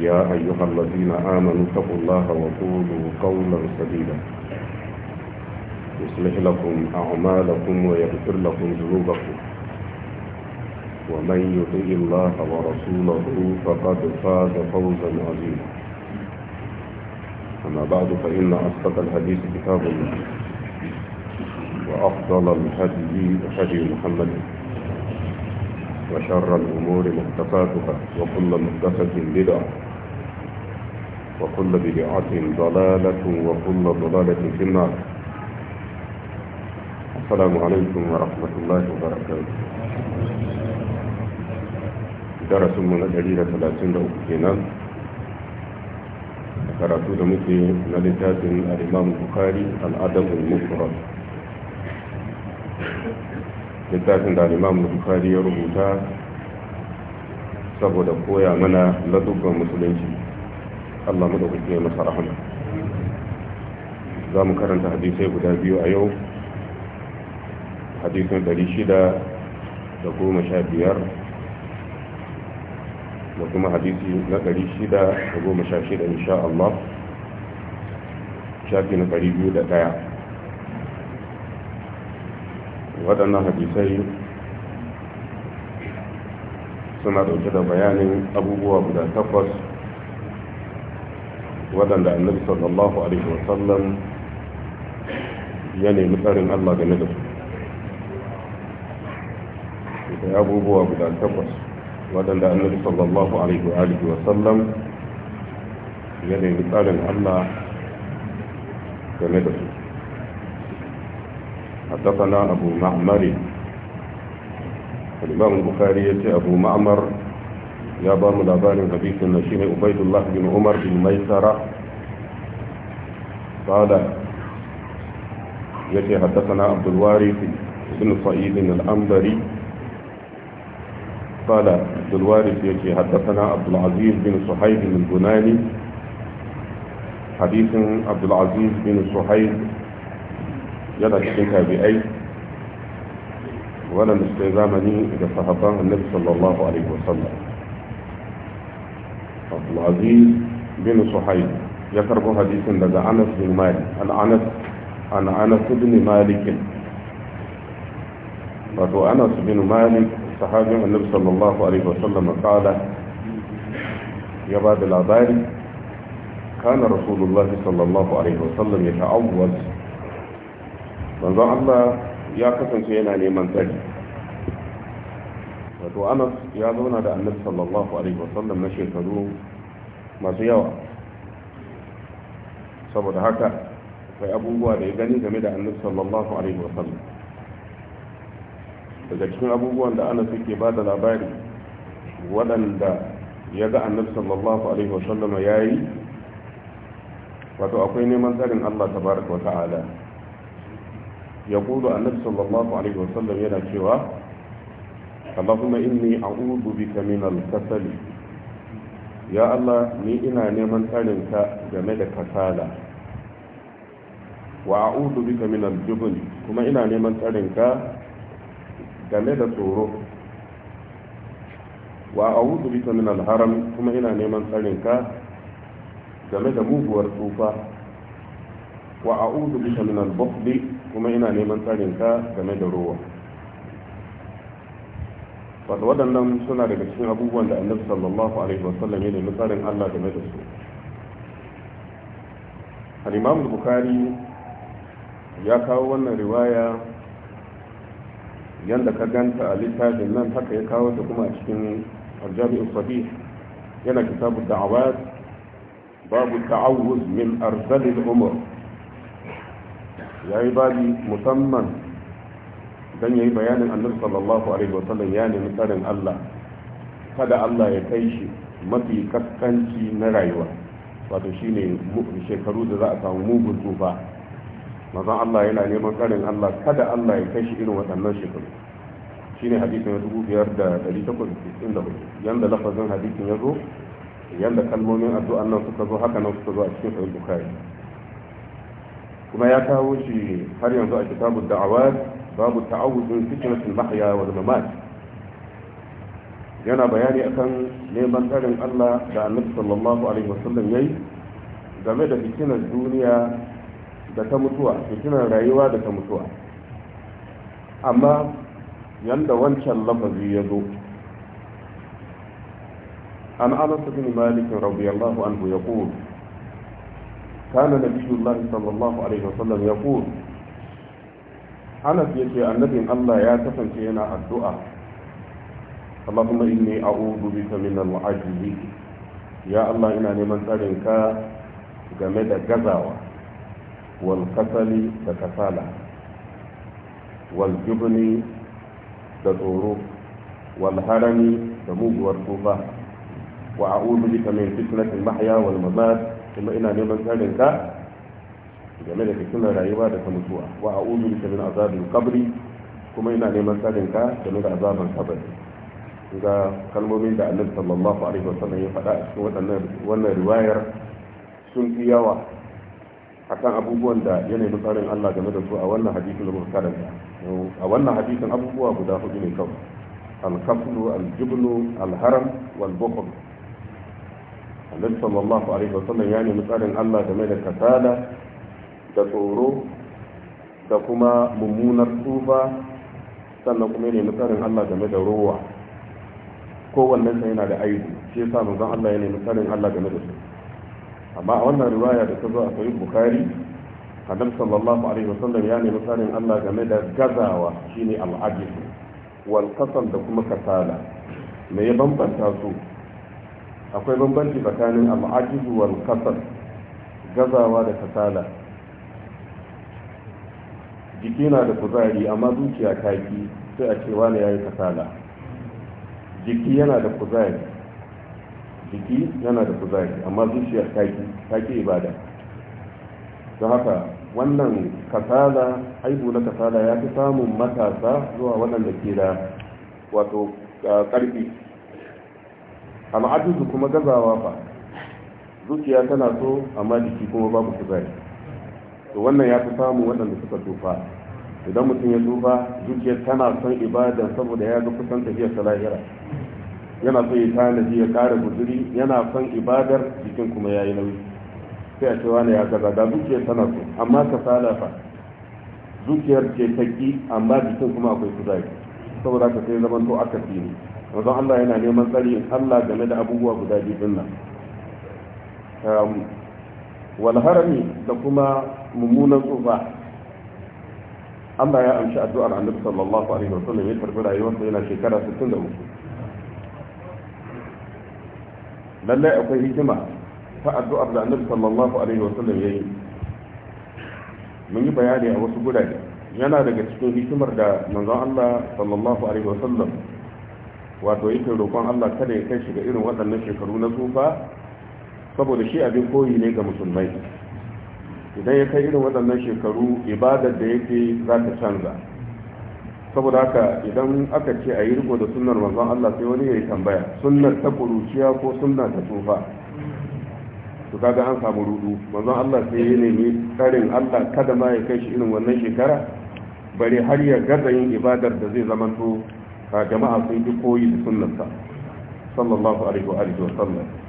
يا أيها الذين آمنوا اتقوا الله وقولوا قولا سديدا يصلح لكم أعمالكم ويغفر لكم ذنوبكم ومن يطيع الله ورسوله فقد فاز فوزا عظيما أما بعد فإن أصدق الحديث كتاب الله وأفضل الهدي هدي محمد وشر الأمور محدثاتها وكل محدثة بدعة وكل بدعة ضلالة وكل ضلالة في النار السلام عليكم ورحمة الله وبركاته درس من الجليل ثلاثين لأوكينا قرأت دمتي نلتات الإمام البخاري الأدب المفرد littafin da limamu bukari ya rubuta saboda koya mana ladubban musulunci Allah mu da kuke masa rahama za mu karanta hadisai guda biyu a yau hadisin 615 da kuma hadisi na 616 insha Allah shafi na 201 waɗannan hadisai suna ɗauke da bayanin abubuwa guda takwas wadan da annabi sallallahu alaihi wasallam ya nemi tsarin Allah game da su da abubuwa guda takwas da annabi sallallahu alaihi wa wasallam ya nemi tsarin Allah game da su حدثنا أبو معمر الإمام البخاري أبو معمر يا بام الأبان الحديث النشين عبيد الله بن عمر بن ميسرة قال يتي حدثنا عبد الوارث بن صعيد الأنبري قال عبد الوارث يتي حدثنا عبد العزيز بن صهيب البناني حديث عبد العزيز بن صهيب يلا تشكى بأي ولم استلزمني إذا صحابة النبي صلى الله عليه وسلم عبد العزيز بن صحيح يكره حديث لدى أنس بن مالك عن أنس عن أنس بن مالك وهو أنس بن مالك صحابي النبي صلى الله عليه وسلم قال يا باب العباري كان رسول الله صلى الله عليه وسلم يتعوذ من الله يا كفن سينا لمن تجد wato anas ya zauna da annabi sallallahu alaihi wasallam na shekaru masu yawa saboda haka akwai abubuwa da ya gani game da annabi sallallahu alaihi wasallam daga cikin abubuwan da anas yake ba da labari waɗanda ya ga annabi sallallahu alaihi wasallam ya yi wato akwai neman tsarin allah tabaraka wa ta'ala ya kudu annabi sallallahu alaihi wasallam yana cewa Allahumma inni a'udhu bika min al ya Allah ni ina neman tsarin ka game da kasala wa a'udhu bika min al kuma ina neman tsarin ka game da tsoro wa a'udhu bika min haram kuma ina neman tsarin ka game da muguwar tsufa wa a'udhu bika min al kuma ina neman tsarin ka game da ruwa wato waɗannan suna daga cikin abubuwan da annabi sallallahu alaihi wasallam ya nemi tsarin Allah game da su al-imam bukhari ya kawo wannan riwaya yanda ka ganta a littafin nan haka ya kawo ta kuma a cikin al-jami'u yana kitabu da'awat babu ta'awuz min arzalil umar yayi babi musamman don yi bayanin annabi sallallahu alaihi wasallam ya nemi tsarin Allah kada Allah ya kai shi mafi kaskanci na rayuwa wato shine shekaru da za a samu mugun tufa mazan Allah yana neman tsarin Allah kada Allah ya kai shi irin waɗannan shekaru shine hadisin ya dubu biyar da ɗari takwas da hudu yanda lafazin hadisin ya zo yanda kalmomin addu'an nan suka zo haka nan suka zo a cikin sahih bukhari kuma ya kawo shi har yanzu a kitabud da'awat babu ta'awuz min fitnatul mahya wal mamat yana bayani akan neman tsarin Allah da Annabi sallallahu alaihi wasallam yayi game da fitinar duniya da ta mutuwa fitinar rayuwa da ta mutuwa amma yanda wancan lafazi ya zo an انس bin مالك رضي الله عنه يقول كان نبي الله صلى الله عليه ya يقول anas ya ce annabin allah ya kasance yana addu'a allahumma inni a'udhu bika min al ya allah ina neman tsarin ka game da gazawa wal kasali da kasala wal da tsoro wal harami da muguwar tuba wa a'udhu bika min fitnatil mahya wal mamat kuma ina neman tsarin ka game da fitinar rayuwa da ta mutuwa wa a a'udhu bika min azabil qabri kuma ina neman tsarin ka game da azaban kabari ga kalmomin da annabi sallallahu alaihi wasallam ya faɗa a cikin waɗannan wannan riwayar sun fi yawa akan abubuwan da ya nemi tsarin Allah game da su a wannan hadisin da muka karanta a wannan hadisin abubuwa guda hudu ne kawai al-kaflu al-jibnu al-haram wal bukhl annabi sallallahu alaihi wasallam ya nemi tsarin Allah game da kasala da tsoro da kuma mummunar tuba sannan kuma ne tsarin Allah game da rowa Kowanne sai yana da aibu shi yasa manzon Allah ya nemi tsarin Allah game da su amma a wannan riwaya da ta zo a sahih bukhari annabi sallallahu alaihi wasallam ya nemi tsarin Allah game da gazawa shine al ajiz wal qasam da kuma kasala me ya bambanta su akwai bambanci tsakanin al ajiz wal qasam gazawa da kasala jiki na da kuzari amma zuciya ta ki sai a cewa ne ya yi kasala jiki yana da kuzari jiki yana da kuzari amma zuciya ta ki ta ki ibada don haka wannan kasala aibu na kasala ya fi samun matasa zuwa waɗanda ke da wato ƙarfi al'ajuzu kuma gazawa fa zuciya tana so amma jiki kuma babu kuzari to wannan ya fi samun waɗanda suka tufa idan mutum ya tufa zuciyar tana son ibada saboda ya ga kusan tafiyar ta lahira yana so ya tanaji ya kare guduri yana son ibadar jikin kuma ya yi nauyi sai a cewa ne ya gaza da zuciyar tana so amma ka salafa zuciyar ce taki amma jikin kuma akwai kuzari saboda ka sai zaman aka fi ne Allah yana neman tsari Allah game da abubuwa guda biyu nan wal harami da kuma mummunan tsufa Allah ya amshi addu'ar Annabi sallallahu alaihi wasallam ya karbi rayuwarsa yana shekara 63 lalle akwai hikima ta addu'ar da Annabi sallallahu alaihi wasallam yayi mun yi bayani a wasu gurare yana daga cikin hikimar da manzon Allah sallallahu alaihi wasallam wato yake roƙon Allah kada ya kai shi ga irin waɗannan shekaru na tsufa saboda shi abin koyi ne ga musulmai idan ya kai irin waɗannan shekaru ibadar da yake za ta canza saboda haka idan aka ce a yi riko da sunnar manzon Allah sai wani ya yi tambaya sunnar ta kuruciya ko sunnar ta tsufa to kaga an samu rudu manzon Allah sai ya nemi karin Allah kada ma ya kai shi irin wannan shekara bari har ya gaza yin ibadar da zai zamanto jama'a sun yi koyi da sunnarsa sallallahu alaihi wa alihi wa sallam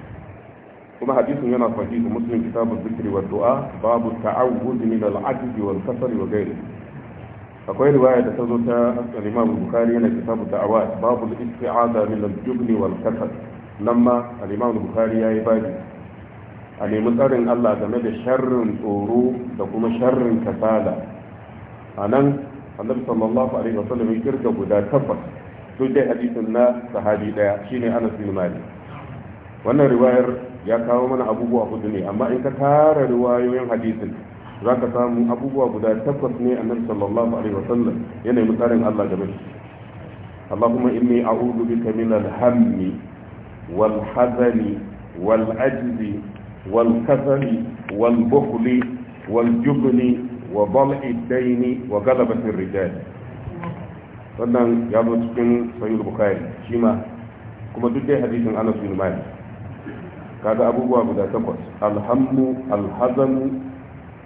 kuma hadisin yana sahihu muslim kitabul zikri wa du'a babu ta'awud min al-'ajzi wal kasali wa ghairi akwai riwaya da ta zo ta al-imam bukhari yana kitabu ta'awud babu al-isti'aza min al-jubn wal kasal nan ma al-imam bukhari yayi babi a nemi tsarin Allah game da sharrin tsoro da kuma sharrin kasala a nan annabi sallallahu alaihi wasallam ya kirka guda tabbas duk dai hadisin na sahabi daya shine Anas bin Malik wannan riwayar ya kawo mana abubuwa hudu ne amma in ka tara riwayoyin hadisin za ka samu abubuwa guda takwas ne annabi sallallahu alaihi wasallam yana yi Allah game shi Allahumma inni a'udhu bika min al-hammi wal hazani wal ajzi wal kasali wal bukhli wal jubni wa bal'i daini wa galabati rijal wannan ya zo cikin sahih bukhari shi ma kuma duk dai hadisin Anas bin Malik kaga abubuwa guda takwas alhammu alhazanu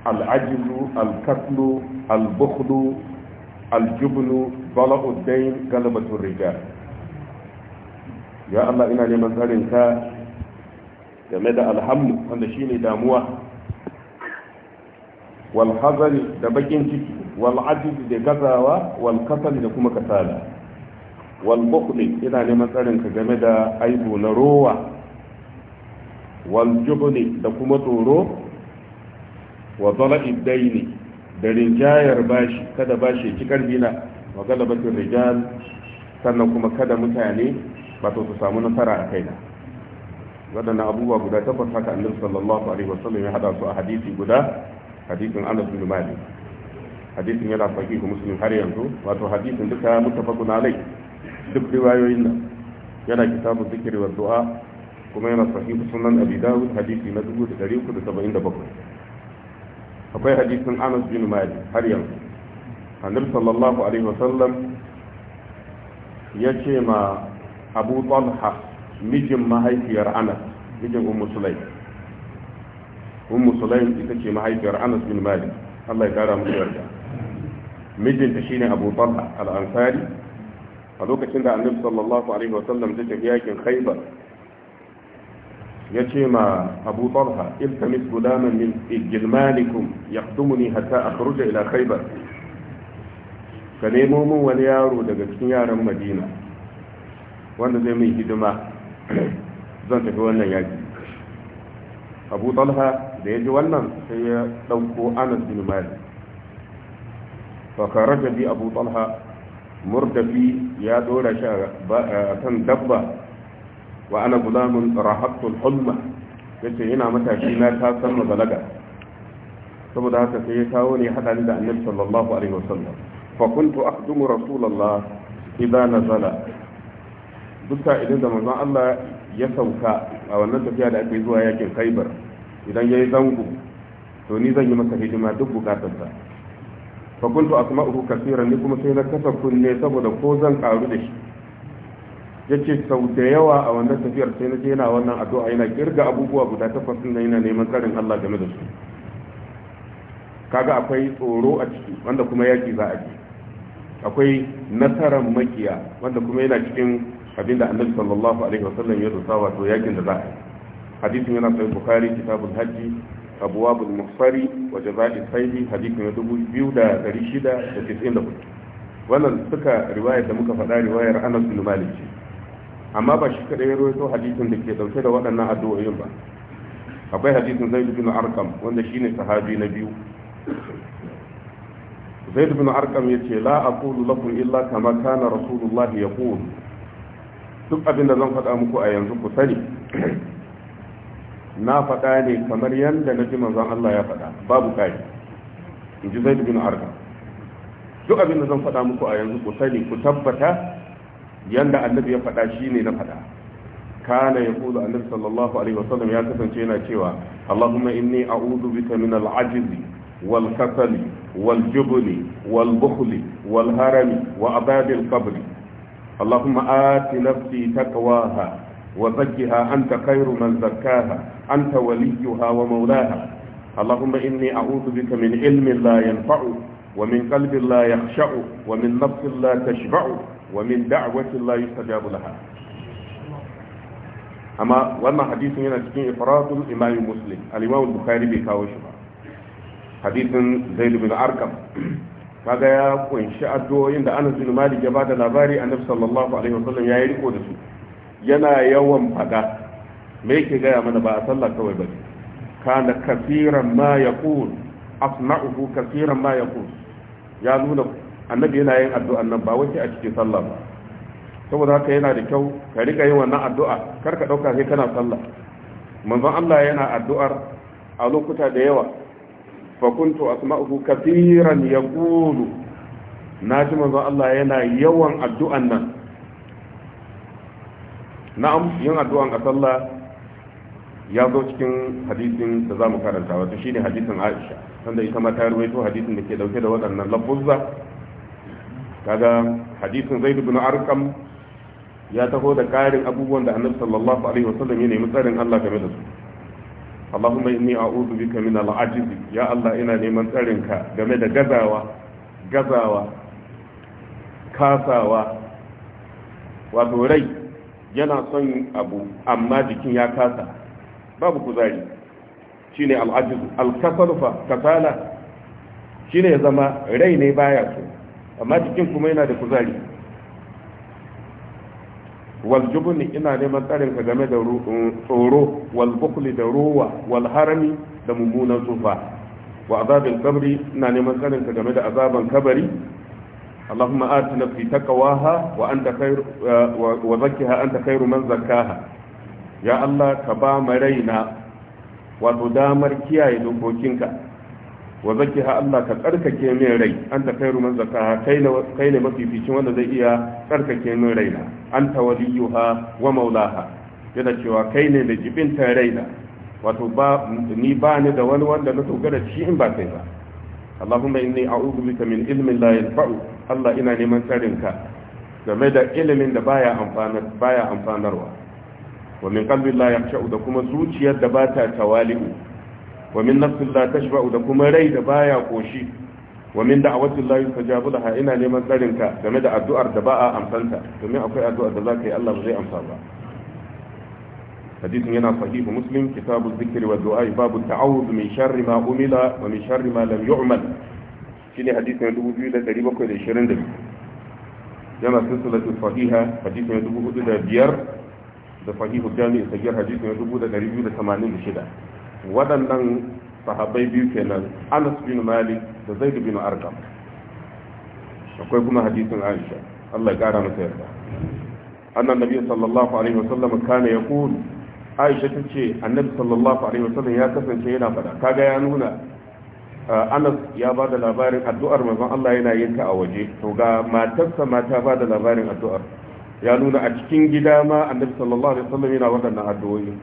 al'ajizu alkatlu albukhlu aljubnu bala'uddain galabatun riga ya Allah ina neman tsarin ka game da alhammu wanda shi ne damuwa walhazani da bakin ciki wal'ajizu da gazawa walkasali da kuma kasala walbukhli ina neman tsarin ka game da aibu na rowa waljubni da kuma tsoro wa zala daini da rinjayar bashi kada bashi ya ci karfi na wa galabatin rijal sannan kuma kada mutane ba su samu nasara a kaina waɗannan abubuwa guda takwas haka annabi sallallahu alaihi wasallam ya hada su a hadisi guda hadisin Anas bin Malik hadisin yana sahihu Muslim har yanzu wato hadisin duka muttafaqun alai duk riwayoyin nan yana kitabu zikri wa du'a kuma yana sahihu sunan abi dawud hadisi na 377 akwai hadisin anas bin malik har yanzu annabi sallallahu alaihi wasallam ya ce ma abu talha mijin mahaifiyar anas mijin ummu sulaim ummu sulaim ita ce mahaifiyar anas bin malik Allah ya kara musu yarda mijinta shine abu talha al-ansari a lokacin da annabi sallallahu alaihi wasallam ta tafi yakin khaybar ya ce ma abu talha iltamis gulaman min igilmalikum ya dumuni hatta a kuruja ila khaibar ka nemo min wani yaro daga cikin yaran madina wanda zai mai hidima zan tafi wannan yaki abu talha da ya ji wannan sai ya ɗauko anas bin malik fakaraja bi abu talha murdafi ya dora shi a kan dabba wa ana gulamun rahattul hulma yace yana matashi na ta san balaga saboda haka sai ya kawo ne hada da annabi sallallahu alaihi wasallam fa kuntu akhdumu rasulullah idan nazala duk ta idan da manzon Allah ya sauka a wannan tafiya da ake zuwa yakin Khaibar idan yayi zango to ni zan yi maka hidima duk bukatarsa fa kuntu asma'uhu kaseeran ni kuma sai na kasa kunne saboda ko zan karu da shi yace sau da yawa a wannan tafiyar sai na naje yana wannan addu'a yana kirga abubuwa guda takwas nan yana neman karin Allah game da su kaga akwai tsoro a ciki wanda kuma yaki za a ji akwai nasarar makiya wanda kuma yana cikin abinda annabi sallallahu alaihi wasallam ya rusa wato yakin da za a yi hadisin yana sai bukhari kitabul hajji abwabul muhsari wa jaza'il sayyi hadisin ya dubu biyu da dari shida da tis'in da hudu wannan suka riwaya da muka faɗa riwayar anas bin malik amma ba shi kadai ya rawaito hadisin da ke dauke da waɗannan addu'o'in ba akwai hadisin zaid bin arqam wanda shine sahabi na biyu zaid bin arqam yace la aqulu lakum illa kama kana rasulullahi yaqul duk abin da zan faɗa muku a yanzu ku sani na faɗa ne kamar yadda na ji manzon Allah ya faɗa babu kai in ji zaid bin arqam duk abin da zan faɗa muku a yanzu ku sani ku tabbata yanda annabi ya faɗa ne na faɗa kana ya kula annabi sallallahu alaihi wasallam ya kasance yana cewa allahumma inni a'udhu bika min al-ajzi wal kasali wal jubni wal bukhli wal harami wa abad al-qabr allahumma ati nafsi taqwaha wa zakkiha anta khairu man zakkaha anta waliyuha wa mawlaha اللهم إني أعوذ بك من علم لا ينفع ومن قلب لا يخشع ومن نفس لا تشبع wa min da'watin la yustajabu laha amma wannan hadisin yana cikin ifradul imam muslim al-imam bukhari bai kawo shi ba hadisin zaid bin arqam kaga ya ƙunshi addu'o'in da Anas bin Malik ya bada labari Annabi sallallahu alaihi wasallam ya yi riko da su yana yawan fada me yake gaya mana ba a sallah kawai ba kafiran ma kafiran ma ya nuna annabi yana yin addu'an nan ba wace a cikin sallah ba saboda haka yana da kyau ka rika yin wannan addu'a kar ka dauka sai kana sallah manzon Allah yana addu'ar a lokuta da yawa fa kuntu asma'uhu kathiran yaqulu naji manzon Allah yana yawan addu'an nan na'am yin addu'an a sallah ya zo cikin hadisin da zamu karanta wato shine hadisin Aisha sanda ita ma ta rawaito hadisin da ke dauke da waɗannan lafuzza kaga hadisin zaid ibn arqam ya taho da karin abubuwan da annabi sallallahu alaihi wasallam ya nemi tsarin Allah game da su Allahumma inni a'udhu bika min al-ajiz ya Allah ina neman tsarinka game da gazawa gazawa kasawa wato rai yana son abu amma jikin ya kasa babu kuzari shine al-ajiz al-kasal fa kasala shine ya zama rai ne baya so amma cikin kuma yana da kuzari wal jubni ina neman tsarin ka game da mm, tsoro wal bukli da ruwa wal harami da mummunan tsufa wa azabin kabri ina neman tsarin ka game da azaban kabari Allahumma اللهم wa zakkaha anta khairu eh, man zakkaha ya allah ka ba يا raina كبام رينا kiyaye كياي ka wa ha Allah ka tsarkake min rai an ta kai ruman zaka kai ne mafificin wanda zai iya tsarkake min raina an ta waliyuha wa maulaha yana cewa kai ne da jibinta raina wato ni ba ni da wani wanda na dogara shi in ba kai ba Allahumma inni a'udhu bika min ilmin la yanfa'u Allah ina neman tsarin ka game da ilimin da baya amfanar baya amfanarwa wa min qalbi la yakhsha da kuma zuciyar da ba ta tawali'u wa min nafsin la da kuma rai da baya koshi wa min da'awatin la yustajabu laha ina neman tsarin ka game da addu'ar da ba a amsanta domin akwai addu'ar da za yi Allah ba zai amsa ba hadisin yana sahihu muslim kitabu zikri wa du'a babu ta'awud min sharri ma umila wa sharri ma lam yu'mal shine hadisin 2722 yana silsilatu sahiha hadisin 4005 da sahihu jami'i sahih hadisin waɗannan sahabbai biyu kenan anas bin malik da zaid bin arqam akwai kuma hadisin aisha Allah ya kara masa yarda annan nabi sallallahu alaihi wasallam kana yaqul aisha tace annabi sallallahu alaihi wasallam ya kasance yana fada kaga ya nuna anas ya ba da labarin addu'ar manzon Allah yana yin a waje to ga matarsa ma ta ba da labarin addu'ar ya nuna a cikin gida ma annabi sallallahu alaihi wasallam yana waɗannan addu'o'i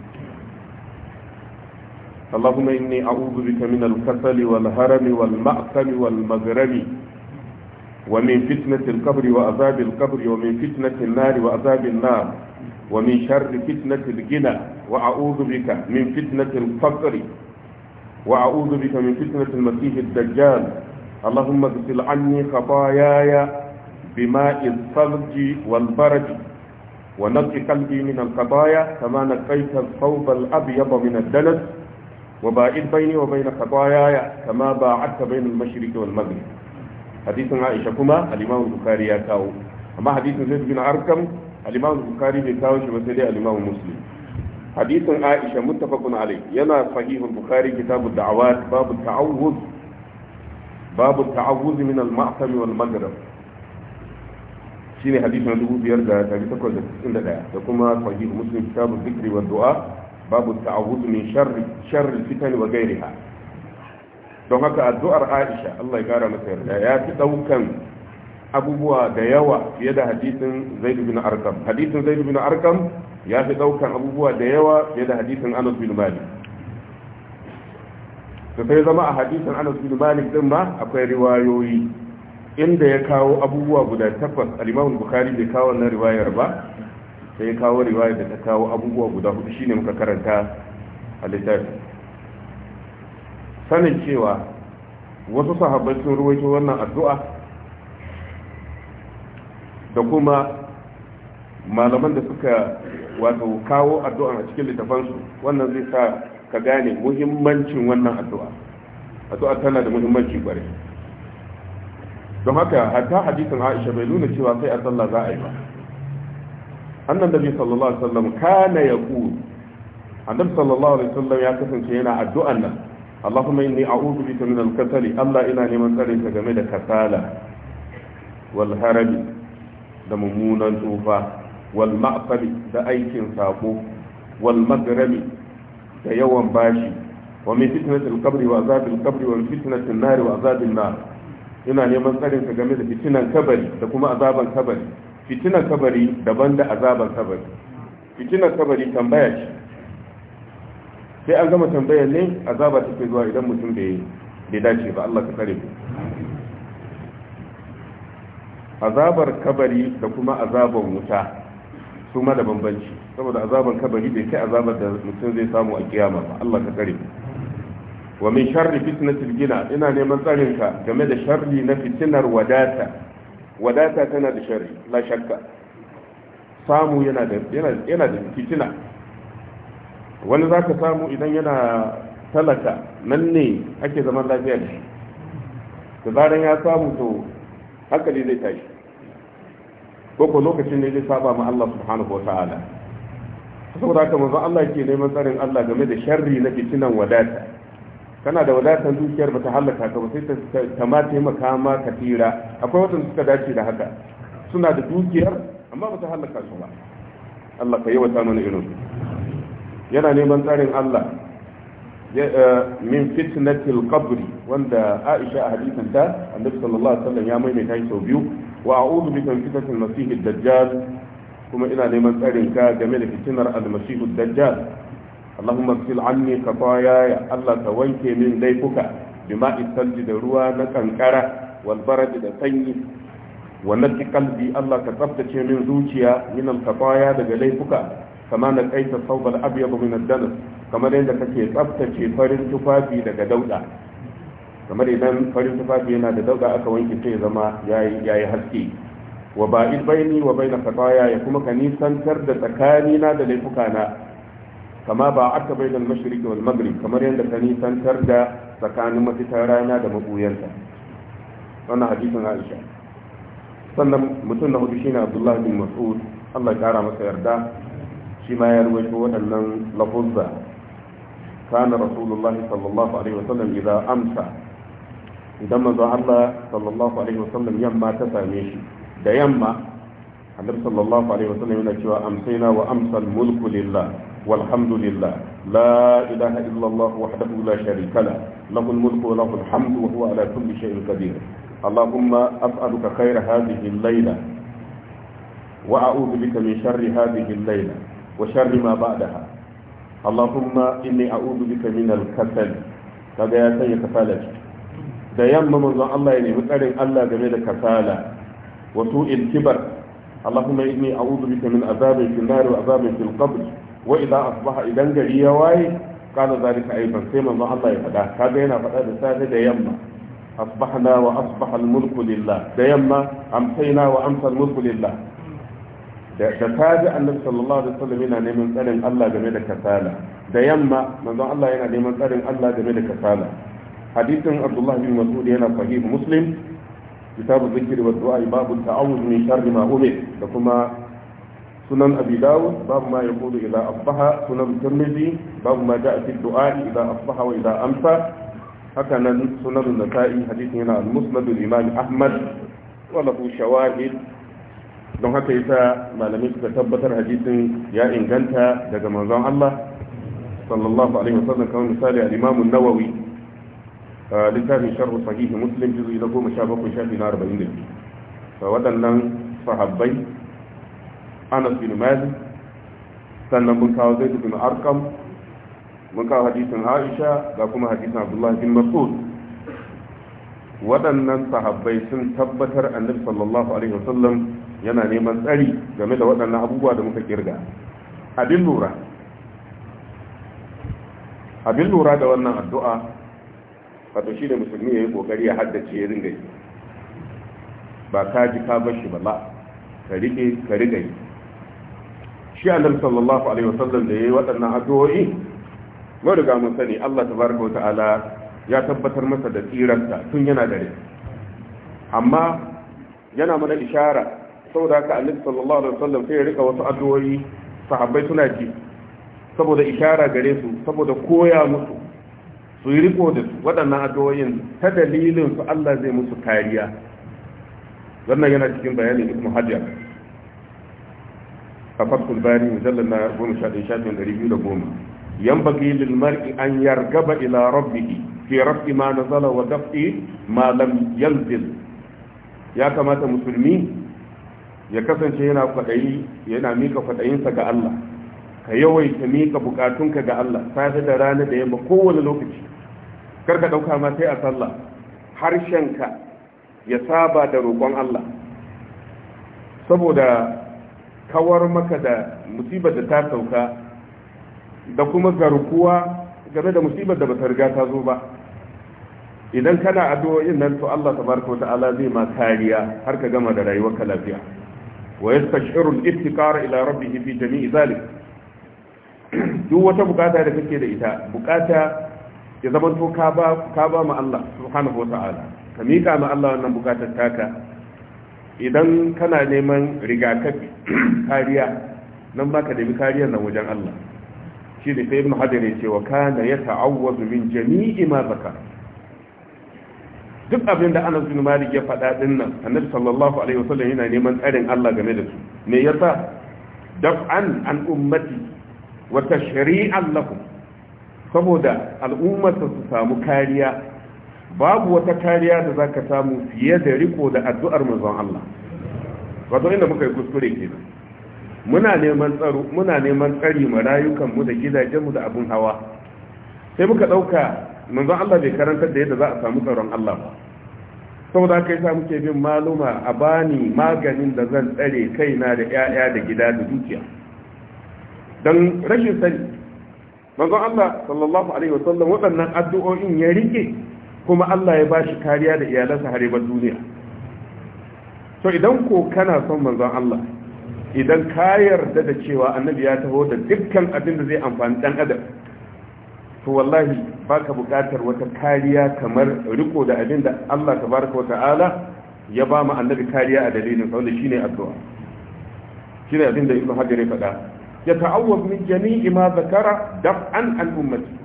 اللهم إني أعوذ بك من الكسل والهرم والمأثم والمغرم ومن فتنة القبر وأذاب القبر ومن فتنة النار وأذاب النار ومن شر فتنة الجنى وأعوذ بك من فتنة الفقر وأعوذ بك من فتنة المسيح الدجال اللهم اغسل عني خطاياي بماء الثلج والبرد ونقي قلبي من الخطايا كما نقيت الثوب الأبيض من الدنس وباعد بيني وبين خطاياي كما باعدت بين المشرق والمغرب حديث عائشة كما الإمام البخاري يكاو أما حديث زيد بن أركم الإمام البخاري يكاو شبسيدي الإمام مسلم حديث عائشة متفق عليه ينا صحيح البخاري كتاب الدعوات باب التعوذ باب التعوذ من المعصم والمغرب شيني حديث ندوه بيرجع تابي تقول لك ده كما صحيح مسلم كتاب الذكر والدعاء babu ta'awudu min sharri sharri fitan wa gairiha don haka addu'ar Aisha Allah ya kara masa yarda ya fi daukan abubuwa da yawa fiye da hadisin Zaid bin Arqam hadisin Zaid bin Arqam ya fi daukan abubuwa da yawa fiye da hadisin Anas bin Malik to sai zama a hadisin Anas bin Malik din ma akwai riwayoyi inda ya kawo abubuwa guda takwas al-Imam Bukhari bai kawo wannan riwayar ba sai kawo riwaya da ta kawo abubuwa guda hudu shine muka karanta a littafi sanin cewa wasu sahabbai sun ruwaito wannan addu'a da kuma malaman da suka wato kawo addu'a a cikin littafansu wannan zai sa ka gane muhimmancin wannan addu'a addu'a tana da muhimmanci kware don haka hatta hadisin aisha bai nuna cewa sai a sallah za a yi ba annan nabi sallallahu alaihi wasallam kana yaqul annabi sallallahu alaihi wasallam ya kasance yana addu'an nan Allahumma inni a'udhu bika min al-kasali Allah ina neman tsare ka game da kasala wal harabi da mummunan tufa wal ma'sali da aikin sako wal magrami da yawan bashi wa min fitnatil qabri wa azabil qabri wa min fitnatin nari wa azabin nar ina neman tsarin ka game da fitinan kabari da kuma azaban kabari fitinar kabari daban da azaban kabari fitinar kabari tambaya ce sai an gama tambayar ne azaba take zuwa idan mutum bai dace ba Allah ka kare mu azabar kabari da kuma azabar wuta su ma da bambanci saboda azabar kabari bai kai azabar da mutum zai samu a kiyama ba Allah ka kare wa min sharri fitnatil gina ina neman tsarin ka game da sharri na fitinar wadata wadata tana da sharri la shakka samu yana da yana da fitina wani zaka samu idan yana talaka nan ne ake zaman lafiya da shi da zaran ya samu to hankali zai tashi ko lokacin ne zai saba ma Allah subhanahu wa ta'ala saboda haka manzo Allah ke neman tsarin Allah game da sharri na fitinan wadata kana da wadatar dukiyar ba ta halaka ka ba sai ta ma taimaka ma ka tira akwai wadanda suka dace da haka suna da dukiyar amma ba ta halaka su ba Allah ka yawata mana irin yana neman tsarin Allah eh, min fitnatil qabri wanda Aisha a hadisin ta Annabi sallallahu alaihi wasallam ya maimaita shi sau biyu wa a'udhu bika min fitnatil masih dajjal kuma ina neman tsarin ka game da fitinar al-masih dajjal اللهم اغفر عني خطاياي الله توانكي من ليفك بماء الثلج دروا نكنكرة والبرد دسني ونقي قلبي الله كتبتشي من زوجيا من الخطايا دجليفك كما نقيت الثوب الأبيض من الدنس كما لأنك كتبتشي فرن تفافي دجدودا kamar idan farin tufafi yana da dauda aka wanke sai ya zama ya yi haske wa ba'id baini wa baina fataya ya kuma ka nisantar da tsakanina da laifukana كما بعدت بين المشرق والمغرب كما عند كنيسة تردى فكان متي تارانا دم بويانتا وانا حديثنا عائشة صنع متن حدشين عبد الله بن مسعود الله تعالى ما سيردى شما يروي هو أن لفظة كان رسول الله صلى الله عليه وسلم إذا أمسى إذا ما الله صلى الله عليه وسلم يما تسعيش ده يما النبي صلى الله عليه وسلم يقول أمسينا وأمسى الملك لله والحمد لله لا إله إلا الله وحده لا شريك له له الملك وله الحمد وهو على كل شيء قدير اللهم أسألك خير هذه الليلة وأعوذ بك من شر هذه الليلة وشر ما بعدها اللهم إني أعوذ بك من الكسل kaga ya sanya kasala ce da yamma manzon Allah ya nemi tsarin Allah game da kasala wa su'il kibar Allahumma inni a'udhu bika min azabin fil nar wa azabin fil qabr wa idan asbaha idan gari ya waye kana zalika aidan sai manzo Allah ya faɗa kaga yana fada da safe da yamma asbahna wa asbaha al-mulku lillah da yamma amsayna wa amsa al-mulku lillah da safe annabi sallallahu alaihi wasallam yana neman tsarin Allah game da kasala da yamma manzo Allah yana neman tsarin Allah game da kasala hadisin Abdullah bin Mas'ud yana sahih Muslim kitabu zikri wa du'a babu ta'awuz min sharri ma umir da kuma sunan Abidawu dawud babu ma yaqulu idza asbaha sunan tirmidhi babu ma ja'a fi du'a idza asbaha wa idza amsa haka nan sunan nasa'i hadithin yana al-musnad al-imam ahmad wa lahu shawahid don haka yasa malamai suka tabbatar hadisin ya inganta daga manzon Allah sallallahu alaihi wasallam kamar misali al-imam an-nawawi littafin sharh sahih muslim juz'i na 17 shafi na 42 waɗannan sahabbai anas bin malik sannan mun kawo zaid bin arkam mun kawo hadisin aisha ga kuma hadisin abdullah bin mas'ud waɗannan sahabbai sun tabbatar annabi sallallahu alaihi wasallam yana neman tsari game da waɗannan abubuwa da muka kirga abin lura abin lura da wannan addu'a wato shi da musulmi ya yi ƙoƙari ya haddace ya ringa yi ba ka ji ka bar shi ba ka rike ka riga shi nan sallallahu alaihi wasallam da yayi waɗannan addu'o'i mun riga mun sani Allah tabaraka wa ta'ala ya tabbatar masa da tsiranta tun yana dare amma yana mana ishara saboda haka annabi sallallahu alaihi wasallam sai ya rika wasu addu'o'i sahabbai suna ji saboda ishara gare su saboda koya musu su yi riko da waɗannan addu'o'in ta dalilin su Allah zai musu kariya wannan yana cikin bayanin ibnu hajar a fatkul bari mujallar na goma sha ɗaya shafin ɗari biyu da goma yan bagi lil an yargaba ila rabbihi fi rafi ma zala wa dafi ma lam yanzil ya kamata musulmi ya kasance yana kwaɗayi yana mika kwaɗayinsa ga Allah ka yawaita mika bukatunka ga Allah safe da rana da yamma kowane lokaci kar ka ɗauka ma sai a sallah harshenka ya saba da roƙon Allah saboda kawar maka da musibar da ta sauka da kuma garkuwa game da musibar da bata riga ta zo ba idan kana addu'o'in nan to Allah tabaraka wa ta'ala zai ma kariya har ka gama da rayuwarka lafiya wa yastashiru al-iftikara ila rabbih fi jami'i zalik duk wata bukata da kake da ita bukata ya zama to ka ba ka ba ma Allah subhanahu wa ta'ala ka mika ma Allah wannan bukatar taka idan kana neman rigakafi kariya nan baka da kariyar nan wajen Allah shi da sai ibn hajar ya ce wa kana ya ta'awwazu min jami'i ma zaka duk abin da Anas bin Malik ya faɗa din nan Annabi sallallahu alaihi wasallam yana neman tsarin Allah game da su me yasa daf'an an an ummati wa tashri'an lakum saboda al'ummar su samu kariya babu wata kariya da zaka samu fiye da riko da addu'ar manzon Allah wato inda muka yi kuskure kenan muna neman tsaro muna neman tsari marayukanmu rayukan da gidajenmu da abun hawa sai muka dauka manzon Allah bai karantar da yadda za a samu tsaron Allah ba saboda haka yasa muke bin maluma a bani maganin da zan tsare kaina da 'ya'ya da gida da dukiya dan rashin sani manzon Allah sallallahu alaihi wasallam waɗannan addu'o'in ya rike kuma Allah ya ba shi kariya da iyalansa har yabar duniya to idan ko kana son manzon Allah idan ka yarda da cewa annabi ya taho da dukkan abin da zai amfani dan adam to wallahi baka bukatar wata kariya kamar riko da abin da Allah tabaraka wata'ala ya ba mu annabi kariya a dalilin kawai shine addu'a shine abin da Ibn Hajar ya faɗa ya ta'awwaz min jami'i ma zakara daf'an an ummati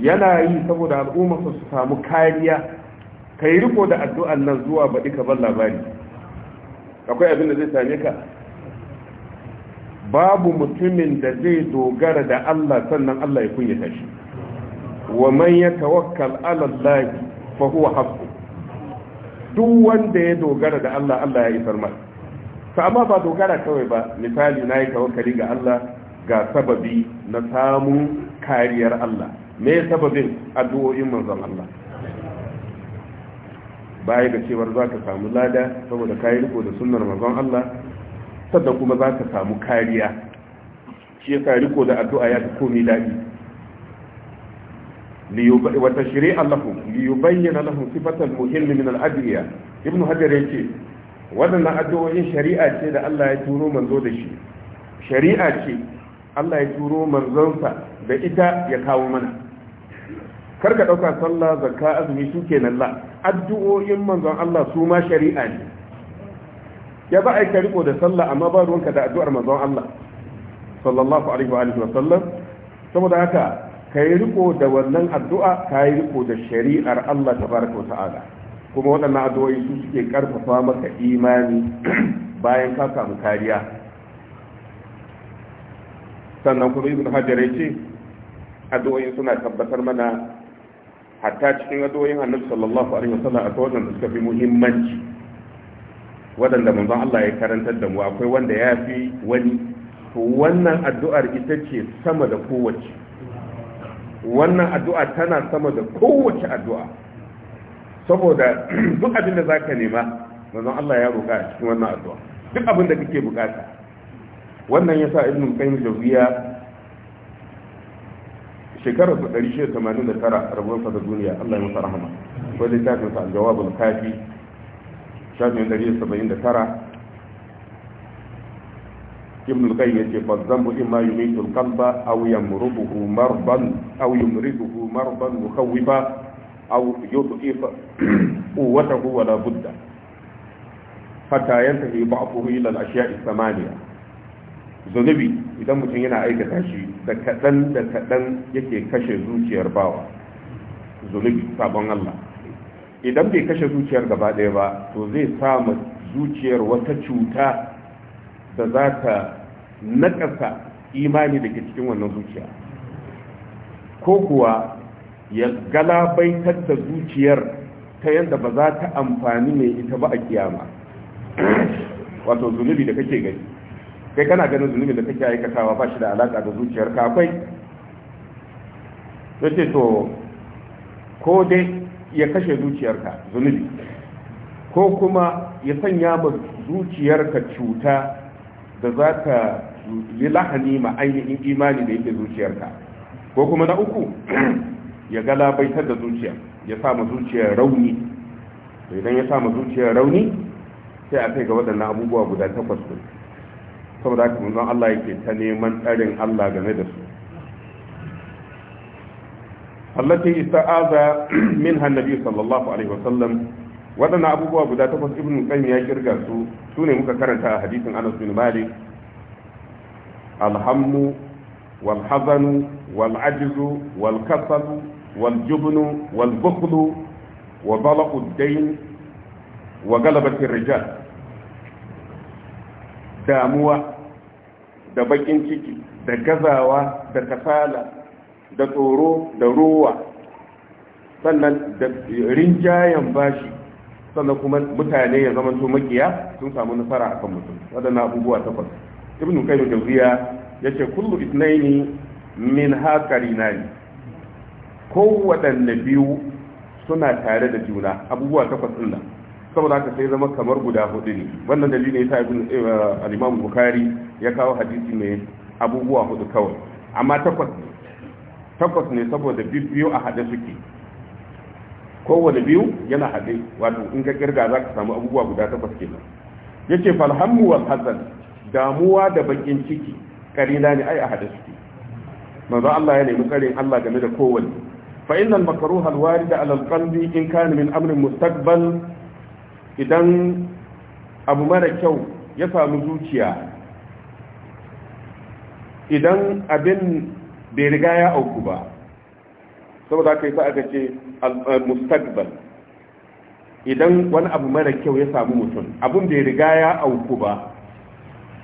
yana yi saboda al'umma su samu kariya ka yi riko da addu'an nan zuwa baɗi ka ban labari akwai abin da zai same ka babu mutumin da zai dogara da Allah sannan Allah ya kunyata shi wa man ya tawakkal ala Allah fa huwa haqqu duk wanda ya dogara da Allah Allah ya isar masa to amma ba dogara kawai ba misali na yi tawakkali ga Allah ga sababi na samun kariyar Allah me sababin addu'o'in manzon Allah baya ga cewar za ka samu lada saboda kayi riko da sunnar manzon Allah sannan kuma za ka samu kariya shi yasa riko da addu'a ya fi komai daɗi wa tashri'a lahum li yubayyana lahum sifatal muhimmi min al-adliya ibnu hajar yace waɗannan addu'o'in shari'a ce da Allah ya turo manzo da shi shari'a ce Allah ya turo manzonsa da ita ya kawo mana kar ka ɗauka sallah zakka azumi su kenan la addu'o'in manzon Allah su ma shari'a ne ya ba a yi riko da sallah amma ba ruwanka da addu'ar manzon Allah sallallahu alaihi wa alihi wa sallam saboda haka ka yi riko da wannan addu'a ka yi riko da shari'ar Allah tabaraka wa ta'ala kuma waɗannan addu'o'i su suke karfafa maka imani bayan ka samu kariya sannan kuma ibn hajar ya ce addu'o'in suna tabbatar mana hatta cikin adoyin annabi sallallahu alaihi wasallam akwai da suka fi muhimmanci wadanda manzon Allah ya karantar da mu akwai wanda ya fi wani to wannan addu'ar ita ce sama da kowace wannan addu'a tana sama da kowace addu'a saboda duk abin da zaka nema manzon Allah ya roƙa a cikin wannan addu'a duk abin da kake bukata wannan yasa ibnu qayyim jawziya shekarar su 689 rabuwar sa da duniya Allah ya masa rahama ko littafin sa al-jawabul kafi shafin 179 ibn al-qayyim yace fa zambu imma yumitu al-qalba aw yamruduhu marban aw yumriduhu marban mukhawifa aw yudhifa quwwatahu wala budda hatta yantahi ba'dahu ila al-ashya'i thamaniya zunubi idan mutum yana aikata shi da kaɗan da kaɗan yake kashe zuciyar bawa zunubi sabon Allah idan bai kashe zuciyar gaba ɗaya ba to zai samu zuciyar wata cuta da za ta naƙasa imani da ke cikin wannan zuciya ko kuwa ya galabaitar da zuciyar ta yadda ba za ta amfani mai ita ba a kiyama wato zunubi da kake gani kai kana ganin zunubin da kake aikatawa ba shi da alaka da zuciyarka akwai ce to ko dai ya kashe zuciyarka zunubi ko kuma ya sanya ma zuciyarka cuta da za ka yi lahani ma ainihin imani da yake zuciyarka ko kuma na uku ya galabaitar da zuciya ya sa ma zuciyar rauni idan ya sa ma zuciyar rauni sai a kai ga waɗannan abubuwa guda takwas ɗin saboda haka manzon Allah yake ta neman tsarin Allah game da su allati ista'aza minha annabi sallallahu alaihi abubuwa guda takwas ibn qayyim ya kirga su sune muka karanta a hadisin Anas bin Malik alhammu wal hazanu wal ajzu wal kasalu wal jubnu wal bukhlu wa dalaqu ad-dayn wa galabati ar-rijal damuwa da bakin ciki da gazawa da kasala da tsoro da ruwa sannan da rinjayen bashi sannan kuma mutane ya zama to makiya sun samu nasara akan mutum wadannan abubuwa takwas ibnu qayyim ya ce kullu ithnaini min na ne. kowaɗanne biyu suna tare da juna abubuwa takwas ɗin nan saboda haka sai zama kamar guda hudu ne wannan dalilin sa ibn eh, al-Imam Bukhari ya kawo hadisi mai abubuwa hudu kawai amma takwas ne takwas ne saboda biyu a hada suke kowane biyu yana haɗe wato in ka kirga za ka samu abubuwa guda takwas kenan ya ce falhammu wal Hassan, damuwa da bakin ciki karina ne ai a hada suke manzo Allah ya nemi tsarin Allah game da kowanne fa innal makruha al warida ala al qalbi in kana min amrin mustaqbal idan abu mara kyau ya samu zuciya idan abin bai riga ya auku ba saboda aka yi sa aka ce eh, mustaqbal idan wani abu mara kyau ya samu mutum abin bai riga ya auku ba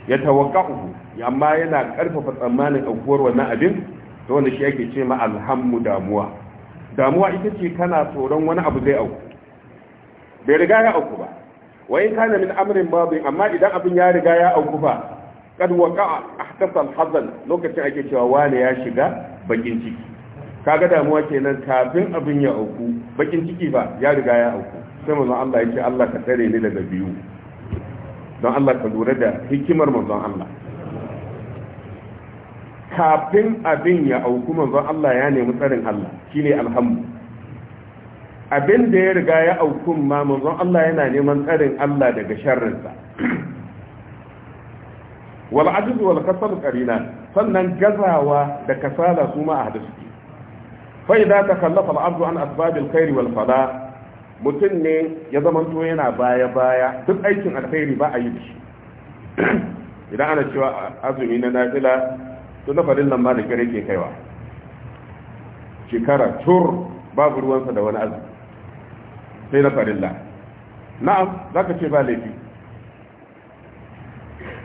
ya uku, amma yana karfafa tsammanin aukuwar wannan abin to wanda shi yake ce ma alhammu damuwa damuwa ita ce kana tsoron wani abu zai auku bai riga ya auku ba wai kana min amrin babu amma idan abin ya riga ya auku ba kad waqa'a ahtasa alhazan lokacin ake cewa wani ya shiga bakin ciki kaga damuwa kenan kafin abin ya auku bakin ciki ba ya riga ya auku sai manzon Allah yake Allah ka tare ni daga biyu don Allah ka lura da hikimar manzon Allah kafin abin ya auku manzon Allah ya nemi tsarin Allah shine alhamdu abin da ya riga ya aukun ma manzon Allah yana neman tsarin Allah daga sharrinsa wal ajiz wal kasal qarina sannan gazawa da kasala su ma a hada suke fa idza takallafa al abdu an asbab al khair wal fala mutum ne ya zamanto yana baya baya duk aikin alkhairi ba a yi shi idan ana cewa azumi na nafila to na farin lamba da kare ke kaiwa shekara tur babu ruwansa da wani azumi sai na farilla na'am zaka ce ba laifi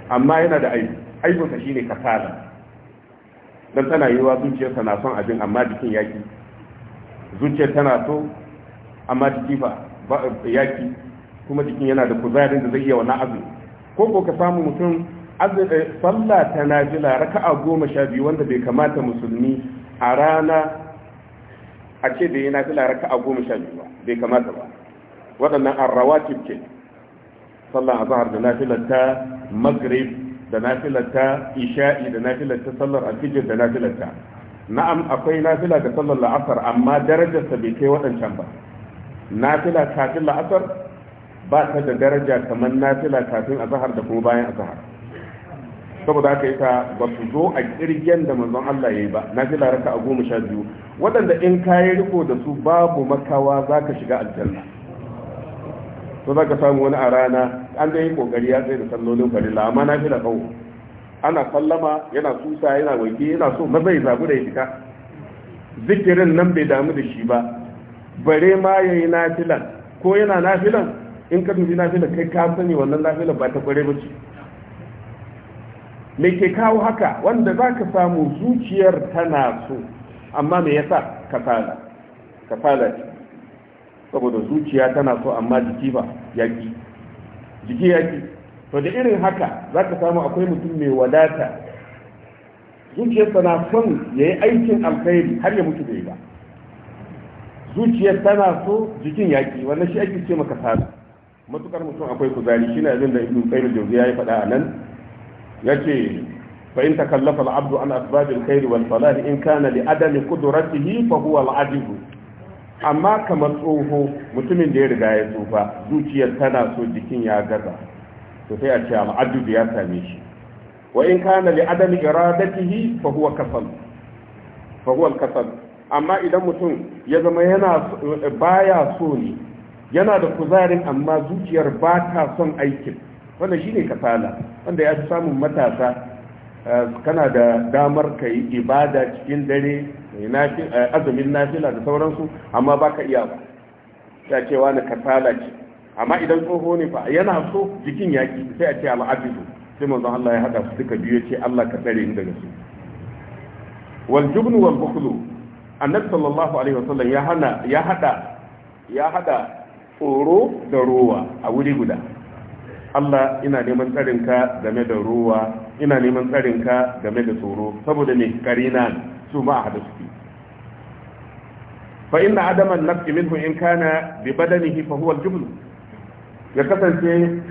amma yana da aibu aibunsa shine kasala dan tana yiwa zuciyarsa na son abin amma jikin yaki zuciyar tana so amma jiki ba yaki kuma jikin yana da kuzarin da zai iya wani azumi ko ko ka samu mutum falla eh, ta nafila raka'a goma sha biyu wanda bai kamata musulmi a rana a ce da yi nafila raka'a goma sha biyu ba bai kamata ba waɗannan arrawatib ce sallan azhar da nafilar ta maghrib da nafilar ta isha'i da nafilar ta sallar alfijir da nafilar na'am akwai nafila ga sallar la'asar amma darajarsa bai kai waɗancan ba nafila kafin la'asar ba ta da daraja kamar nafila kafin azahar da kuma bayan azahar saboda haka yasa ba su zo a kirgen da manzon Allah yayi ba nafila raka a goma sha biyu waɗanda in kayi riko da su babu makawa zaka shiga aljanna to za ka samu wani a rana an da yi kokari ya tsaye da sallolin farilla amma na fi da kawo ana sallama yana susa yana waike yana so ma zai zabu da ya fita zikirin nan bai damu da shi ba bare ma ya yi nafilan ko yana nafilan in ka dubi nafilan kai ka sani wannan nafilan ba ta kware ba ce me ke kawo haka wanda za ka samu zuciyar tana so amma me yasa kasala kasala ce saboda zuciya tana so amma jiki ba yaki jiki yaki to da irin haka za ka samu akwai mutum mai wadata zuciyarsa na son ya yi aikin alkhairi har ya mutu bai ba zuciyar tana so jikin yaki wannan shi ake ce maka sabi matukar mutum akwai kuzari na abin da ibnu qayyim jawziya ya faɗa a nan yace fa in takallafa al-abdu an asbab al-khair wal falah in kana li adami qudratihi fa huwa al-ajiz amma kamar tsoho mutumin da ya riga ya tsufa zuciyar tana so jikin ya gaza to sai a ce amma ya same shi wa in kana li adam iradatihi fa huwa kasal fa huwa kasal amma idan mutum ya zama yana baya so ne yana da kuzarin amma zuciyar ba ta son aikin wanda shine kasala wanda ya fi samun matasa eh, kana da damar ka ibada cikin dare Eh, eh, azumin nafila da sauransu amma ba ka iya ba ya ce na kasala ce amma idan tsoho ne fa yana so jikin yaki sai a ce al'abidu sai manzon Allah ya hada su duka biyu ce Allah ka tsare ni daga su wal jubnu wal bukhlu annabi sallallahu alaihi wasallam ya hana ya hada ya hada tsoro da rowa a wuri guda Allah ina neman tsarinka game da rowa ina neman tsarinka game da tsoro saboda ne karina su ma a hadasu su fa inna adama an-naf'i minhu in kana bi badanihi fa huwa al ya kasance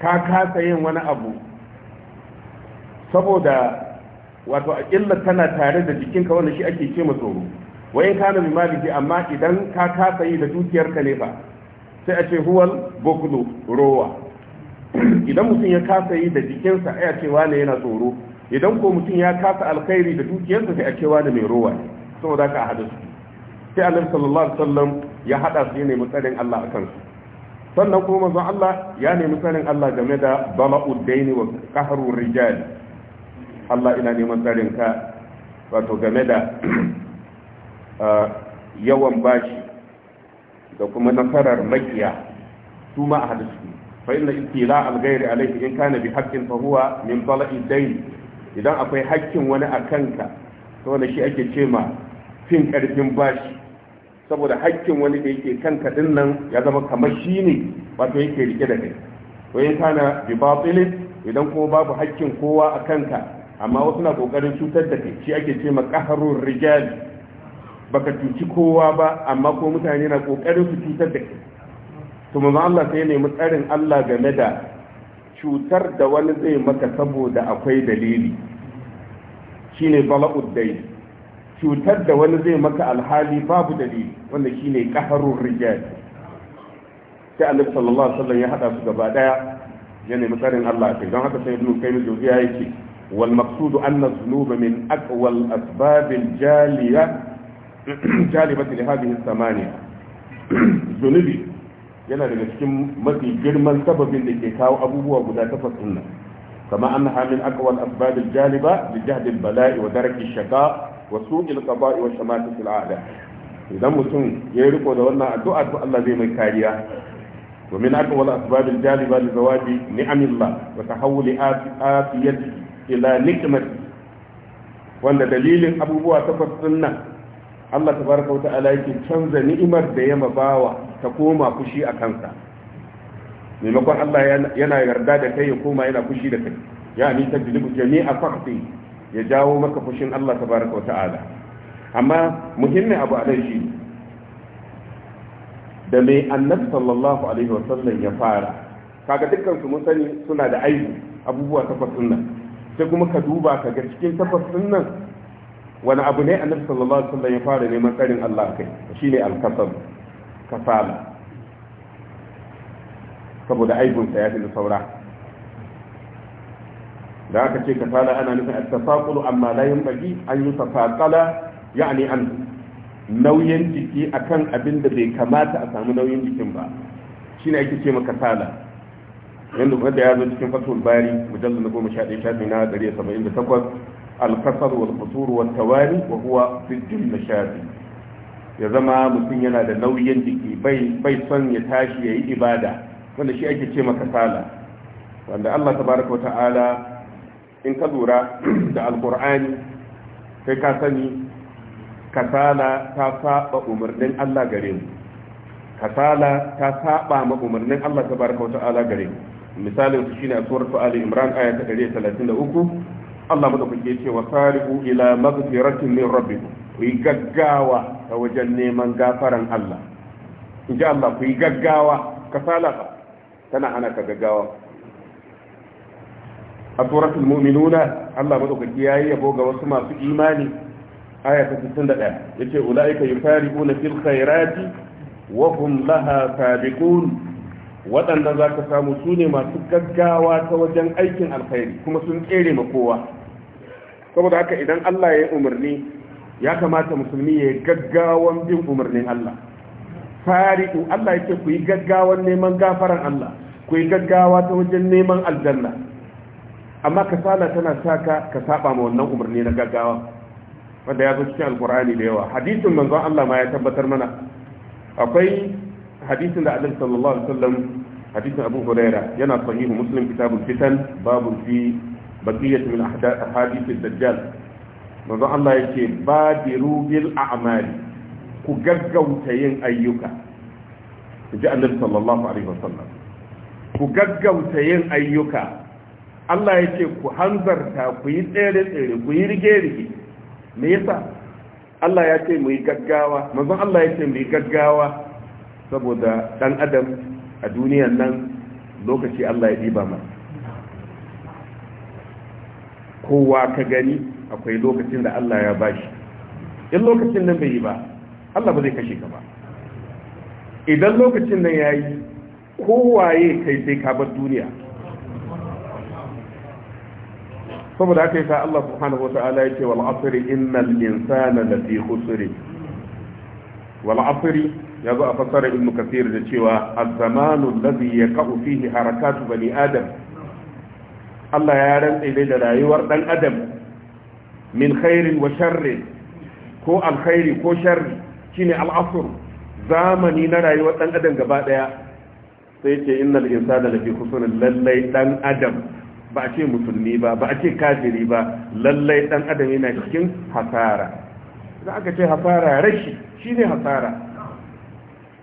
ka kasa yin wani abu saboda wato a illa tana tare da jikinka wanda shi ake ce ma tsoro Wai in kana bi maliki amma idan ka kasa yi da dukiyarka ne ba sai a ce huwal buklu rowa idan mutum ya kasa yi da jikinsa a ce wane yana tsoro idan ko mutum ya kasa alkhairi da dukiyarsa sai a ce wane mai rowa saboda ka a hada su sai annabi sallallahu alaihi wasallam ya hada su ne mutsarin Allah akan su sannan kuma manzon Allah ya nemi tsarin Allah game da bala'ud daini wa qahru rijal Allah ina neman tsarin ka wato game da uh, yawan bashi da kuma nasarar makiya su ma a hadisi fa inna ittila al-ghairi alayhi in kana bi haqqin fa huwa min bala'id daini idan akwai haƙƙin wani akan ka to da shi ake cema fin ƙarfin bashi saboda hakkin wani da yake kanka din nan ya zama kamar shi ne wato yake rike da kai ko yin kana bi batilin idan kuma babu hakkin kowa a kanka amma wasu na kokarin cutar da kai shi ake ce ma qahrur rijal baka cuci kowa ba amma ko mutane na kokarin su cutar da kai to mu Allah sai ne nemi tsarin Allah game da cutar da wani zai maka saboda akwai dalili shine bala'ud dai cutar da wani zai maka alhali babu dalili wanda ne qahrur rijal sai annabi sallallahu alaihi wasallam ya hada su gaba daya ya nemi tsarin Allah kai don haka sai ibnu qayyim jawziya yake wal maqsudu anna dhunuba min aqwa al asbab al jaliya jalibati li hadhihi thamaniya zunubi yana daga cikin mafi girman sababin da ke kawo abubuwa guda takwas din nan kama annaha min aqwa al asbab al jaliba li jahd al bala'i wa darak al shaqa wasu ilkaba'i wa shamata fil ada idan mutum ya yi riko da wannan addu'a to Allah zai mai kariya wa min aqwal asbab al jaliba li zawaji ni'amillah wa tahawul afiyati ila nikmati wanda dalilin abubuwa takwas din nan Allah tabaraka wa ta'ala yake canza ni'imar da ya mabawa ta koma fushi a kansa maimakon Allah yana yarda da kai ya koma yana fushi da kai ya ni ta jami'a fa'ti ya jawo maka fushin Allah tabaraka wa ta'ala amma muhimmin abu a shi da mai annabi sallallahu alaihi wasallam ya fara kaga dukkan su sani suna da aibu abubuwa takwas nan sai kuma ka duba ka ga cikin takwas nan wani abu ne annabi sallallahu alaihi wasallam ya fara neman karin Allah kai shine al-kasal kasala saboda aibun sa ya fi saura da aka ce kasala ana nufin at-tasaqulu amma la yanbaghi an yutafaqala yani an nauyin jiki akan abin da bai kamata a samu nauyin jikin ba shine ake ce maka kasala yanda kuma da ya zo cikin fatul bari mujallal na goma sha shafi na ɗari saba'in da takwas alkasar wal kusur wal tawali wa huwa na shafi ya zama mutum yana da nauyin jiki bai son ya tashi ya yi ibada wanda shi ake ce maka kasala wanda Allah tabaraka wa ta'ala in ka lura da alkur'ani kai ka sani kasala ta saba umarnin Allah gare mu kasala ta saba ma umarnin Allah ta wata ala gare mu misalin su shine a su ali imran aya ta 133 Allah madaukake ya cewa sariku ila magfiratin min rabbi ku yi gaggawa ta wajen neman gafaran Allah in ji Allah ku yi gaggawa kasala tana hana ka gaggawa a mu'minuna Allah madaukaki yayi yabo ga wasu masu imani aya ta 61 yace ulaika yufariquna fil khairati wa hum laha sabiqun waɗanda za samu sune masu gaggawa ta wajen aikin alkhairi kuma sun tsere ma kowa saboda haka idan Allah ya yi umarni ya kamata musulmi ya yi gaggawan bin umarnin Allah fari'u Allah yake ku yi gaggawan neman gafaran Allah ku yi gaggawa ta wajen neman aljanna amma kasala tana sa ka ka saba ma wannan umarni na gaggawa wanda ya zo cikin alkur'ani da yawa hadisin manzon Allah ma ya tabbatar mana akwai hadisin da annabi sallallahu alaihi wasallam hadisin Abu Huraira yana sahihu Muslim kitabul fitan babu fi baqiyat min ahadith ad-dajjal manzon Allah yake badiru bil a'mali ku gaggauta yin ayyuka ji annabi sallallahu alaihi wasallam ku gaggauta yin ayyuka Allah ya ce ku hanzarta ku yi tsere-tsere ku yi rige-rige me yasa Allah ya ce mu yi gaggawa manzon Allah ya ce mu yi gaggawa saboda dan adam a duniyan nan lokaci Allah ya diba mana kowa ka gani akwai lokacin da Allah ya bashi in lokacin nan bai yi ba Allah ba zai kashe ka ba idan lokacin nan ya yi kowaye kai sai ka bar duniya saboda aka yi yasa Allah subhanahu wata'ala yake wal asri innal insana lafi khusr wal asri yazo a fasara ibn kathir da cewa az-zamanu alladhi yaqa'u fihi harakatu bani adam Allah ya rantsa dai da rayuwar dan adam min khairin wa sharrin ko alkhairi ko sharri shine al-asr zamani na rayuwar dan adam gaba daya sai ce innal insana lafi khusr lallai dan adam ba a ce musulmi ba ba a ce kafiri ba lallai dan adam yana cikin hasara za aka ce hasara rashi shine hasara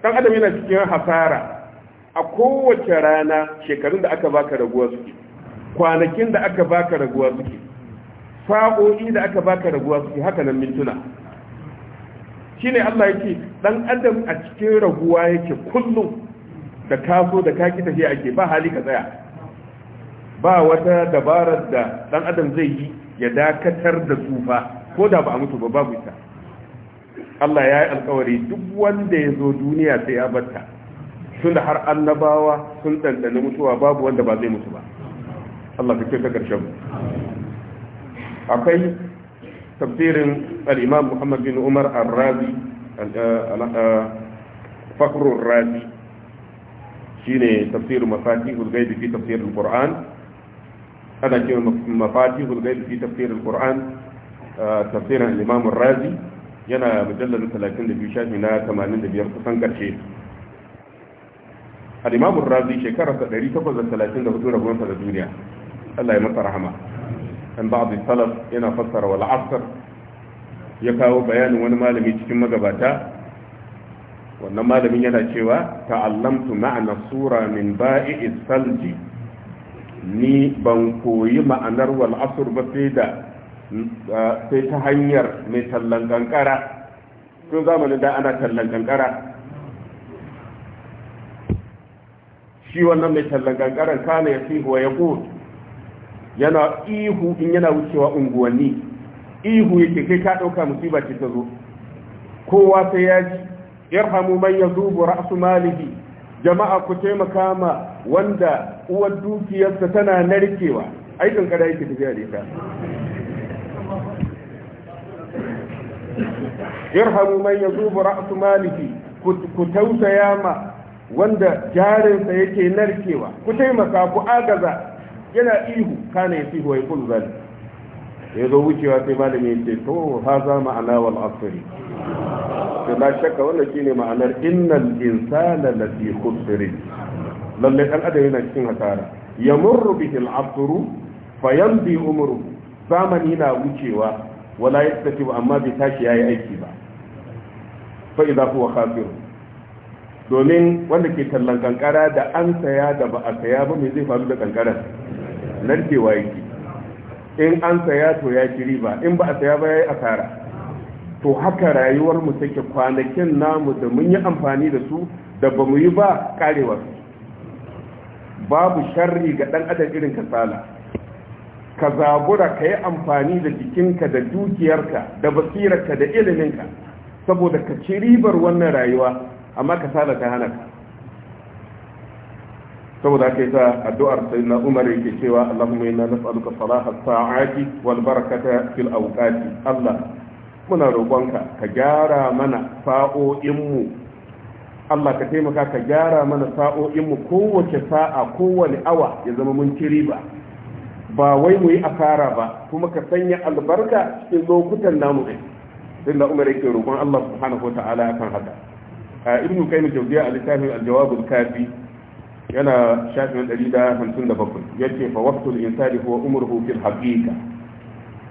dan adam yana cikin hasara a kowace rana shekarun da aka baka raguwa suke kwanakin da aka baka raguwa suke sa'o'i da aka baka raguwa suke haka nan mintuna shine Allah yake dan adam a cikin raguwa yake kullum da kaso da kaki tafiya ake ba hali ka tsaya ba wata dabarar da dan adam zai yi ya dakatar da tsufa ko da ba a mutu ba babu ita Allah ya yi alkawari duk wanda ya zo duniya sai ya batta tun da har annabawa sun ɗanɗana mutuwa babu wanda ba zai mutu ba Allah ka kyauta ƙarshen akwai tafsirin al'imam Muhammad bin Umar al-Razi uh, uh, fakrun razi shine tafsirin mafatihul gaibi fi tafsirin Qur'an ana cewa mafatihul gaibi fi tafsir alquran tafsirin al-imam ar-razi yana mujallal 32 shafi na 85 kusan karshe al-imam ar-razi shekara 1834 rabon sa da duniya Allah ya masa rahama an salaf yana fassara wal asr ya kawo bayanin wani malami cikin magabata wannan malamin yana cewa ta'allamtu ma'ana sura min ba'i ni ban koyi ma'anar wal asr ba sai da sai ta hanyar mai tallan kankara tun zamanin da ana tallan kankara shi wannan mai tallan kankara kana ya fi wa ya yana ihu in yana wucewa unguwanni ihu yake kai ka ɗauka musiba ce ta zo kowa sai ya ji yarhamu man ya zubu ra'su malihi jama'a ku taimaka ma wanda uwar dukiyarsa tana narkewa aikin kada yake tafiya da ita irhamu man yazubu ra'su maliki ku tausaya ma wanda jarinsa yake narkewa ku taimaka ku agaza yana ihu kana ya sihu ya zalik ya zo wucewa sai malami ya ce to haza ma'ana wal asri to na shakka wannan shine ma'anar Innan, insana lafi khusrin lalle dan adam yana cikin hasara Ya murru al bihil fa fayamdi umru zaman na wucewa wala yastati amma bai tashi yayi aiki ba fa idza huwa khafir domin wanda ke tallan kankara da an saya da ba a saya ba me zai faru da kankara ke yake in an saya to ya ci riba in ba a saya ba yayi asara to haka rayuwar mu take kwanakin namu da mun yi amfani da su da ba mu yi ba karewa su babu sharri ga dan adam irin kasala ka zabura ka yi amfani da jikinka da dukiyarka da basirarka da iliminka saboda ka ci ribar wannan rayuwa amma kasala ta hana ka saboda aka yi ta addu'ar sai na umar yake cewa Allahumma yana nas'aluka salaha sa'ati wal barakata fil awqati Allah muna roƙonka ka gyara mana sa'o'inmu Allah ka taimaka ka gyara mana sa'o'inmu kowace sa'a kowane awa ya zama mun ci riba ba wai mu yi asara ba kuma ka sanya albarka cikin lokutan namu ɗin sai da umar yake roƙon Allah subhanahu wa ta'ala akan haka a ibnu qayyim jawziya a littafin al-jawab al-kafi yana shafin 157 yace fa waqtul insani huwa umruhu fil haqiqa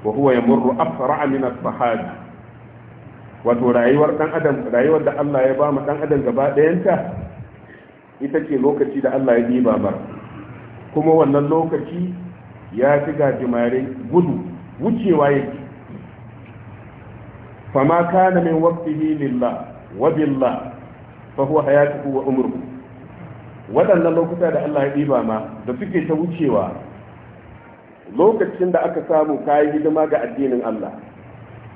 wa huwa yamurru asra'a min as-sahabi wato rayuwar dan adam rayuwar da Allah ya ba mu dan adam gaba ɗayanta ita ce lokaci da Allah ya diba bar kuma wannan lokaci ya fi gajimare gudu wucewa yake fama kana min waqtihi lillah wa billah fa huwa hayatuhu wa umruhu waɗannan lokuta da Allah ya diba ma da suke ta wucewa lokacin da aka samu kayi hidima ga addinin Allah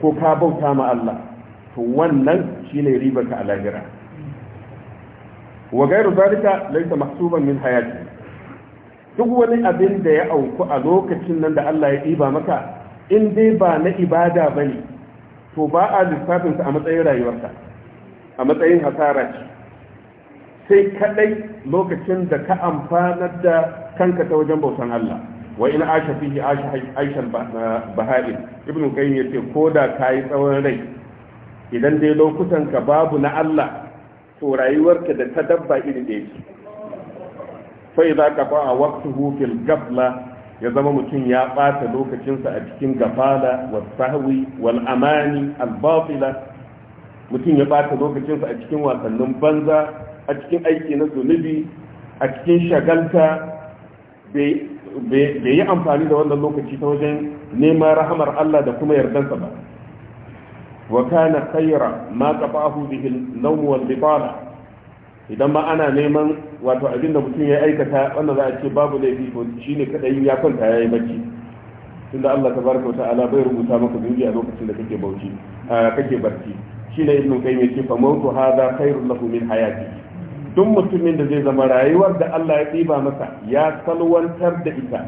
ko ka bauta ma Allah to wannan shine ribar ka a lahira wa gairu zalika laysa mahsuban min hayati duk wani abin da ya auku a lokacin nan da Allah ya ɗiba maka in dai ba na ibada bane to ba a lissafin a matsayin rayuwarka a matsayin hasara ce sai kaɗai lokacin da ka amfanar da kanka ta wajen bautan Allah wa in asha fihi asha aishan bahari ibnu kayyim yace koda kai tsawon rai idan dai lokutan ka babu na Allah to rayuwarka da ta dabba iri ɗaya ce fa idza qata waqtuhu fil gafla ya zama mutum ya ɓata lokacinsa a cikin gafala wa sahwi wal amani al batila mutum ya ɓata lokacinsa a cikin wasannin banza a cikin aiki na zunubi a cikin shagalta bai yi amfani da wannan lokaci ta wajen neman rahamar Allah da kuma yardansa ba wa na khayra ma qafahu bihi an idan ma ana neman wato abinda mutum ya aikata wannan za a ce babu laifi shi ne kadai ya kwanta yayi bacci tunda Allah tabaraka wa ta'ala bai rubuta maka zunubi a lokacin da kake bauchi kake barci shine ibnu qayyim yake fa mautu hadha khairul lahu min hayati duk mutumin da zai zama rayuwar da Allah ya tsiba masa ya salwantar da ita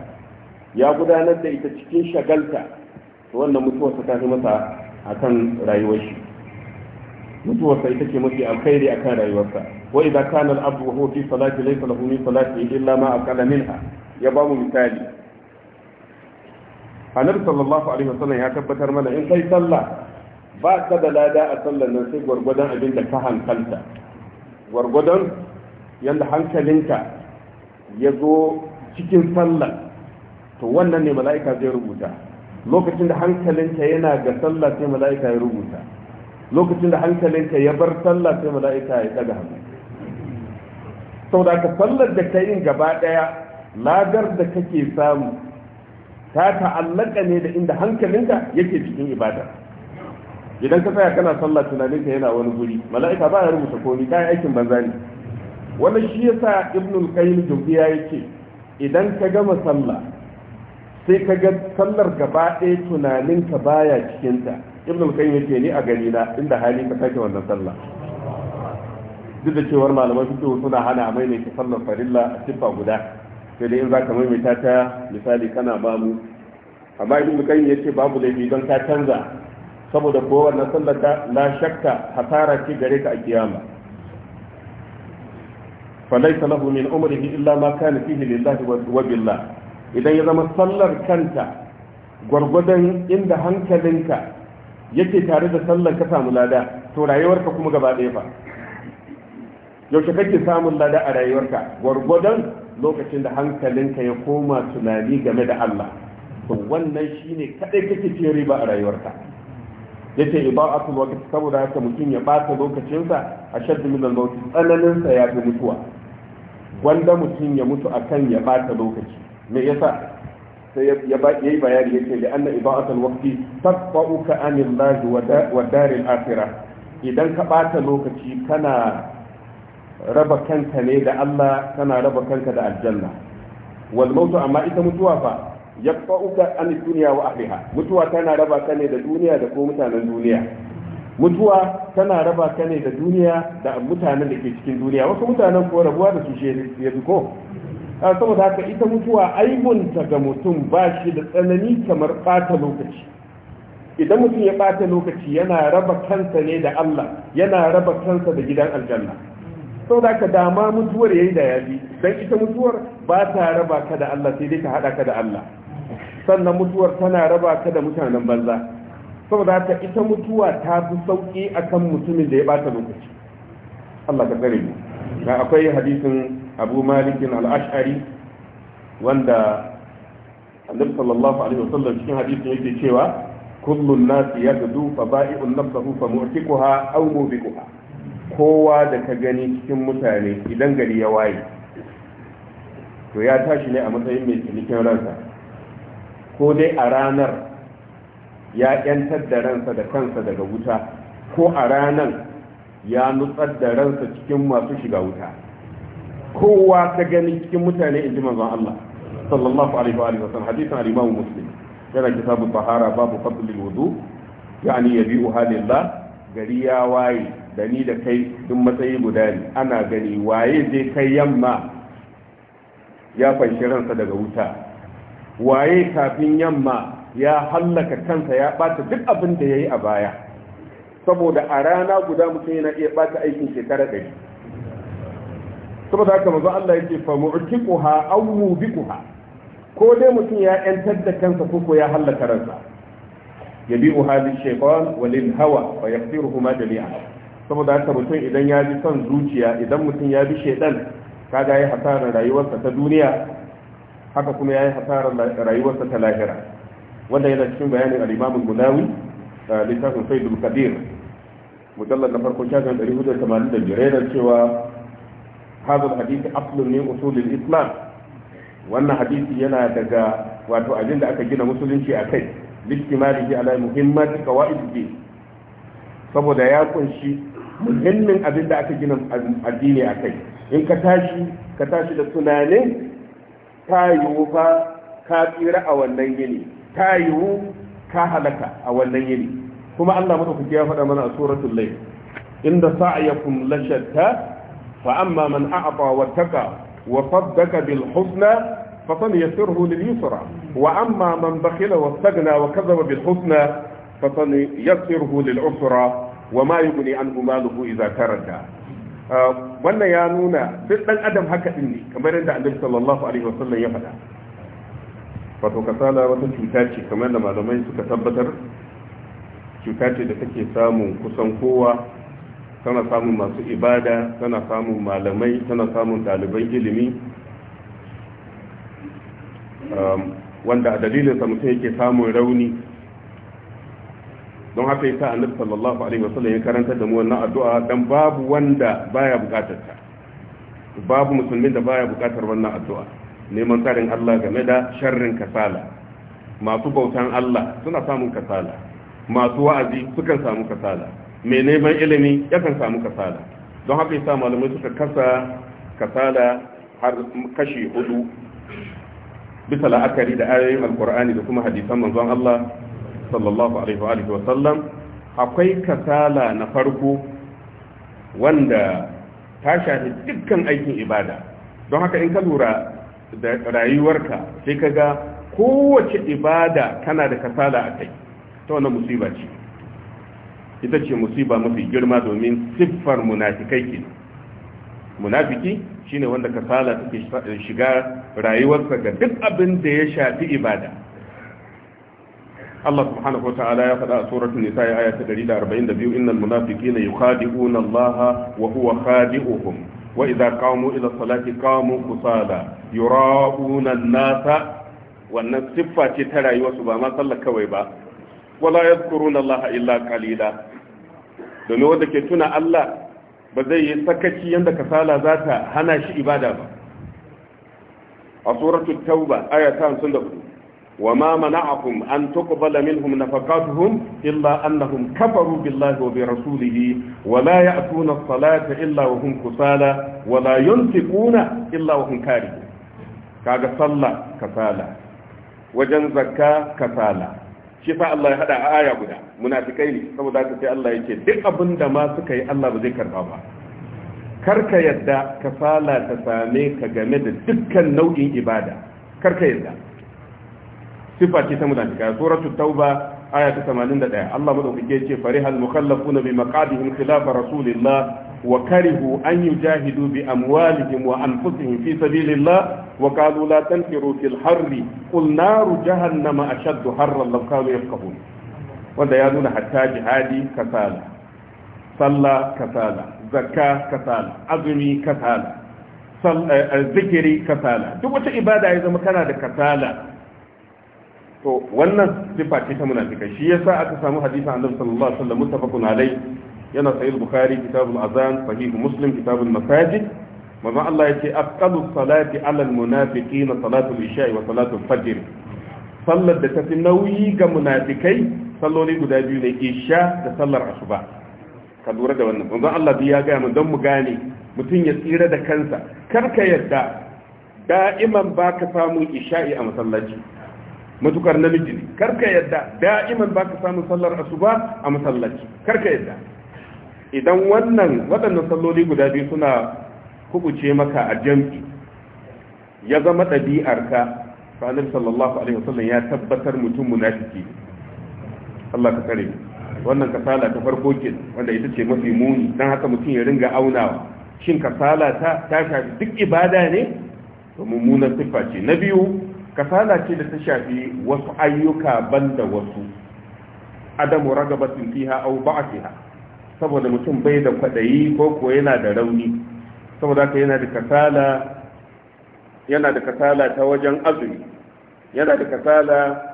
ya gudanar da ita cikin shagalta to wannan mutuwar ta tafi masa akan rayuwarshi shi mutuwarsa ita ce mafi alkhairi akan rayuwarsa wai idza kana al-abdu fi salati laysa lahu min salati illa ma kalamin ha ya ba mu misali annabi sallallahu alaihi wasallam ya tabbatar mana in kai sallah ba ka da lada a sallar nan sai gwargwadon abin da ka hankalta gwargwadon yanda hankalinka ya zo cikin sallar to wannan ne mala'ika zai rubuta lokacin da hankalinta yana ga sallah sai mala'ika ya rubuta lokacin da hankalinta ya bar sallah sai mala'ika ya daga hannu sau da ka sallar da ka yin gaba daya ladar da kake samu ta ta'allaka ne da inda hankalinka yake cikin ibada idan ka tsaya kana sallah tunaninka yana wani guri mala'ika ba ya rubuta komai kayan aikin banza ne wannan shi yasa ibnul qayyim jawziya yake idan ka gama sallah sai ka ga sallar gaba ɗaya tunaninka baya cikinta ibn al-qayyim yake ni a gani na inda hali ka take wannan sallah duk da cewar malaman fiqh suna hana a maimaita sallar farilla a siffa guda sai dai in za ka maimaita ta misali kana ba mu amma ibn al-qayyim yake babu laifi don ka canza saboda ko wannan sallar da la shakka hasara ce gare ka a kiyama lahu min umrihi illa ma kana fihi lillahi wa billah idan ya zama sallar kanta gwargwadon inda hankalinka yake tare da sallar ka samu lada to rayuwarka kuma gaba ɗaya ba yaushe kake samun lada a rayuwarka gwargwadon lokacin da hankalinka ya koma tunani game da Allah to wannan shine kadai kake cin riba a rayuwarka yace ibaatul waqt saboda haka mutum ya bata lokacinsa a shaddu min al-maut tsananin sa ya fi mutuwa wanda mutum ya mutu akan ya bata lokaci me yasa sai ya yi bayani ya da anna ibadatul waqti tafa'uka anil lahi wa daril akhirah idan ka bata lokaci kana raba kanka ne da Allah kana raba kanka da aljanna wal mautu amma ita mutuwa fa yaqta'uka anil dunya wa ahliha mutuwa tana raba ka ne da duniya da ko mutanen duniya mutuwa tana raba ka ne da duniya da mutanen da ke cikin duniya wasu mutanen ko rabuwa da su shi ya ko Ah, saboda haka ita mutuwa aibunta ga mutum ba shi da tsanani kamar ɓata lokaci idan mutum ya ɓata lokaci yana raba kansa ne da Allah yana raba kansa da gidan aljanna saboda haka dama mutuwar yayi da yaji dan ita mutuwar ba ta raba ka da Allah sai dai ka hada ka da Allah sannan mutuwar tana raba ka da mutanen banza saboda haka ita mutuwa ta fi sauki akan mutumin da ya ɓata lokaci Allah ka tsare mu akwai hadisin abu malikin al'ashari wanda annabi sallallahu alaihi wasallam cikin hadisin yake cewa kullum nasi yagdu fa ba'i'un nafsahu fa a'u aw mubikuha kowa da ka gani cikin mutane idan gari ya waye to ya tashi ne a matsayin mai cinikin ransa ko dai a ranar ya yantar da ransa da kansa daga wuta ko a ranar ya nutsar da ransa cikin masu shiga wuta kowa ka gani cikin mutane in ji manzon Allah sallallahu alaihi wa alihi wa sallam hadisin al-Imam Muslim yana kitabu Bahara babu fadl al-wudu yani yabi'u Allah gari ya waye da ni da kai duk matsayi guda ana gani waye zai kai yamma ya fanshi ransa daga wuta waye kafin yamma ya hallaka kansa ya bata duk abin da ya yi a baya saboda a rana guda mutum yana iya bata aikin shekara ɗari saboda haka manzo Allah yake fa mu'tiquha aw mubiquha ko dai mutum ya yantar da kansa ko ya halaka ransa yabi'uha bi shaytan wa lil hawa fa yaqtiruhuma jami'a saboda haka mutum idan ya bi son zuciya idan mutum ya bi shaytan kaga yayi hasarar rayuwarsa ta duniya haka kuma yayi hasarar rayuwarsa ta lahira wanda yana cikin bayanin al-Imam al-Munawi littafin Sayyidul Qadir mujallad na farko shafin da yana cewa هذا الحديث أصل من أصول الإسلام وأن حديث ينا دقا واتو أجند أكجين مسلم شيء أكيد لاكتماله على مهمات قواعد الدين saboda ya kunshi muhimmin abin da aka gina addini a kai in ka tashi ka tashi da tunanin ta yiwu fa ka tsira a wannan yini ta yiwu ka halaka a wannan yini kuma Allah madaukaki ya faɗa mana a suratul layl inda sa'yakum lashatta fa amma man a'ata wattaqa wa فسنيسره لليسرى واما من بخل واستغنى وكذب بالحسنى فسنيسره للعسرى وما يغني عنه ماله اذا ترك wannan ya nuna duk dan adam haka din ne kamar yadda annabi sallallahu ya faɗa wato kasala wata cuta ce kamar da malamai suka tabbatar cuta ce da take samun kusan kowa tana samun masu ibada tana samun malamai tana samun daliban ilimi um, wanda a dalilinsa mutum yake samun rauni don haka yasa annabi sallallahu alaihi wasallam ya karanta da mu wannan addu'a dan babu wanda baya bukatar ta babu musulmin da baya bukatar wannan addu'a neman tsarin Allah game da sharrin kasala masu bautan Allah suna samun kasala masu wa'azi sukan samu kasala mai neman ilimi yakan samu kasala don haka yasa malamai suka kasa kasala har kashi hudu bisa la'akari da ayoyin alkur'ani da kuma hadisan manzon Allah sallallahu alaihi wa wa sallam akwai kasala na farko wanda ta shafi dukkan aikin ibada don haka in ka lura da rayuwarka sai ka ga kowace ibada kana da kasala a kai ta wannan musiba ce ita ce musiba mafi girma domin siffar munafikai ke munafiki shine wanda kasala take shiga rayuwarsa ga duk abin da ya shafi ibada Allah subhanahu wa ta'ala ya faɗa a suratul nisa ya aya ta 142 innal munafiqina yukhadi'una Allah wa huwa khadi'uhum wa idza qamu ila salati qamu kusala yura'una an-nasa wannan siffa ce ta rayuwarsu ba ma sallah kawai ba wala yadhkuruna Allah illa qalila domin wanda ke tuna Allah ba zai yi sakaci yadda kasala za ta hana shi ibada ba a suratun tauba ayata sun da ku wa ma mana'akum an tuqbala minhum nafaqatuhum illa annahum kafaru billahi wa bi rasulihi wa la ya'tuna as-salata illa wa hum kusala wa la yunfiquna illa wa hum kaga sallah kasala wajen zakka kasala shi sa Allah ya hada a aya guda munafikai ne saboda haka sai Allah yake duk abin da ma suka yi Allah ba zai karba ba karka yadda kasala ta same ka game da dukkan nau'in ibada karka yadda sifa ce ta munafikai suratul tauba aya ta 81 Allah madaukake ce farihal mukallafuna bi maqadihim khilafa rasulillah wa karihu an yujahidu bi amwalihim wa anfusihim fi sabilillah wa qalu la tanfiru fil harri qul jahannama ashaddu harran law kanu yafqahun wanda ya nuna hatta jihadi kasala sallah kasala zakka kasala azumi kasala eh, eh, zikiri kasala duk wata ibada ya zama kana da kasala to wannan sifa ce ta munafika shi yasa aka samu hadisin annabi sallallahu alaihi yana sahih bukhari kitabul azan sahih muslim kitabul masajid manzo Allah yace aqallu salati alal munafiqin salatul isha wa salatul fajr sallar da tafi nauyi ga munafikai salloli guda biyu ne isha da sallar asuba ka lura da wannan manzo Allah ya ga mu don mu gane mutum ya tsira da kansa kar ka yarda da'iman baka samu isha'i a masallaci matukar namiji ne kar ka yarda da'iman baka samu sallar asuba a masallaci kar ka yarda idan wannan waɗannan salloli guda biyu suna kubuce maka a jam'i ya zama ɗabi'arka ka fa'anar sallallahu alaihi wasallam ya tabbatar mutum munafiki Allah ka kare wannan kasala ta farko ke wanda ita ce mafi muni dan haka mutum ya ringa aunawa shin kasala ta ta shafi duk ibada ne to mummunan siffa ce na biyu kasala ce da ta shafi wasu ayyuka banda wasu adamu ragabatin fiha aw ba'tiha saboda mutum bai da kwaɗayi ko kuwa yana da rauni saboda ka yana da kasala ta wajen azumi yana da kasala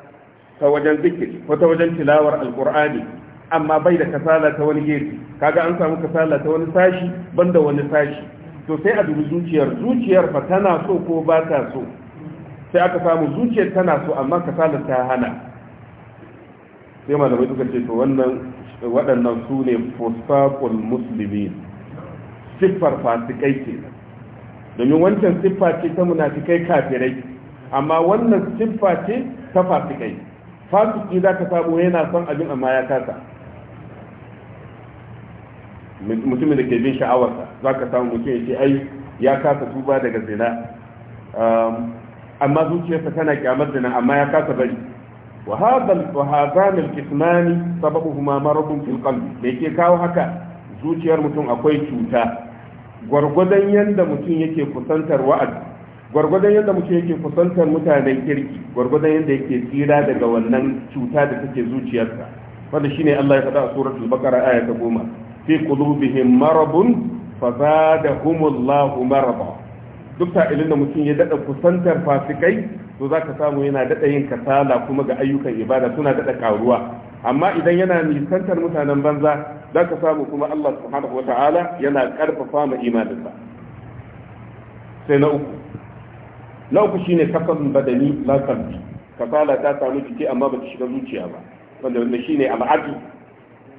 ta wajen zikir ko ta wajen tilawar alkur'ani amma bai da kasala ta wani gefe kaga an samu kasala ta wani sashi banda wani sashi to sai a dubi zuciyar zuciyar fa tana so ko ba ta so sai aka samu zuciyar tana so amma kasalar ta hana sai malamai suka ce to wannan waɗannan su ne fusaqul musulmi siffar fasikai ce domin wancan siffa ce ta munafikai kafirai amma wannan siffa ce ta fasikai fasiki za ka samu yana son abin amma ya kasa mutumin da ke bin sha'awarsa za ka samu mutum ya ce ai ya kasa tuba daga zina amma zuciyarsa tana kyamar zina amma ya kasa bari وهذا وهذان القسمان سببهما مرض في القلب لكي كاو هكا zuciyar mutum akwai cuta gwargwadon yadda mutum yake kusantar wa'ad gwargwadon yadda mutum yake kusantar mutanen kirki gwargwadon yadda yake tsira daga wannan cuta da take zuciyarsa wanda shine Allah ya faɗa a suratul baqara aya goma fi qulubihim maradun fazadahumullahu marada duk sa'ilin da mutum ya daɗa kusantar fasikai to za ka samu yana daɗa yin kasala kuma ga ayyukan ibada suna daɗa ƙaruwa amma idan yana nisantar mutanen banza za ka samu kuma Allah subhanahu wa ta'ala yana ƙarfafa ma imaninsa sai na uku na uku shine kafan badani la qalbi kasala ta samu jiki amma ba ta shiga zuciya ba wanda wanda shine al'adu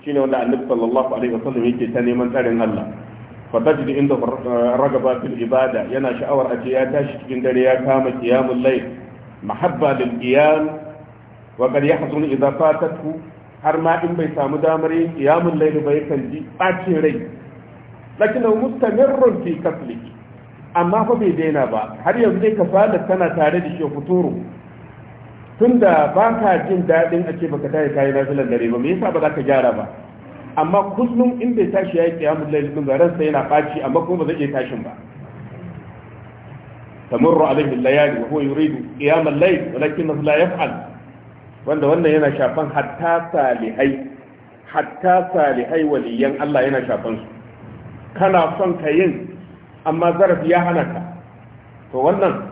shine wanda annabi sallallahu alaihi wasallam yake ta neman tsarin Allah fatajid inda ragaba fil ibada yana sha'awar aje ya tashi cikin dare ya kama qiyamul mahabba lil qiyam wa qad yahzun har ma in bai samu damar yin qiyamul layl bai kan ji bacin rai lakin hu mustamirrun fi kaslihi amma fa bai daina ba har yanzu dai kasalar tana tare da shi futuru tunda ba ka jin daɗin ake baka tashi kayi nafilan dare ba me yasa ba za ka gyara ba amma kullum in bai tashi ya yi kiyamun lailin din ransa yana ɓaci amma kuma ba zai iya tashin ba tamurru alaihi layali wa huwa yuridu qiyam al-layl walakinahu la yaf'al wanda wannan yana shafan hatta salihai hatta salihai waliyan Allah yana shafansu. su kana son ka yin amma zarafi ya hana ka to wannan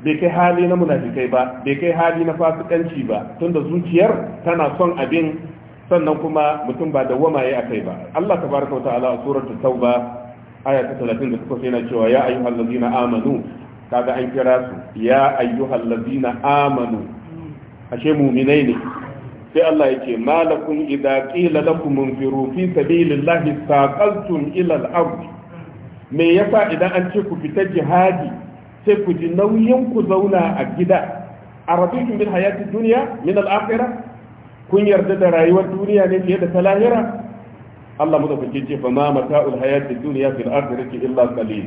bai kai hali na munafikai ba bai kai hali na fasikanci ba tunda zuciyar tana son abin sannan kuma mutum ba da wamaye a kai ba Allah ka wa ta'ala a suratul tauba aya ta 38 yana cewa ya ayyuhallazina amanu kaga an kira su ya ayyuhal ladina amanu ashe mu'minai ne sai Allah yake malakum idza qila lakum munfiru fi sabilillahi saqaltum ila al-ard me yasa idan an ce ku fita jihadi sai ku ji nauyin ku zauna a gida arabitum bil hayati dunya min al-akhirah kun yarda da rayuwar duniya ne fiye da ta lahira Allah madaukake ce fa ma mata'ul hayati dunya fil akhirati illa qalil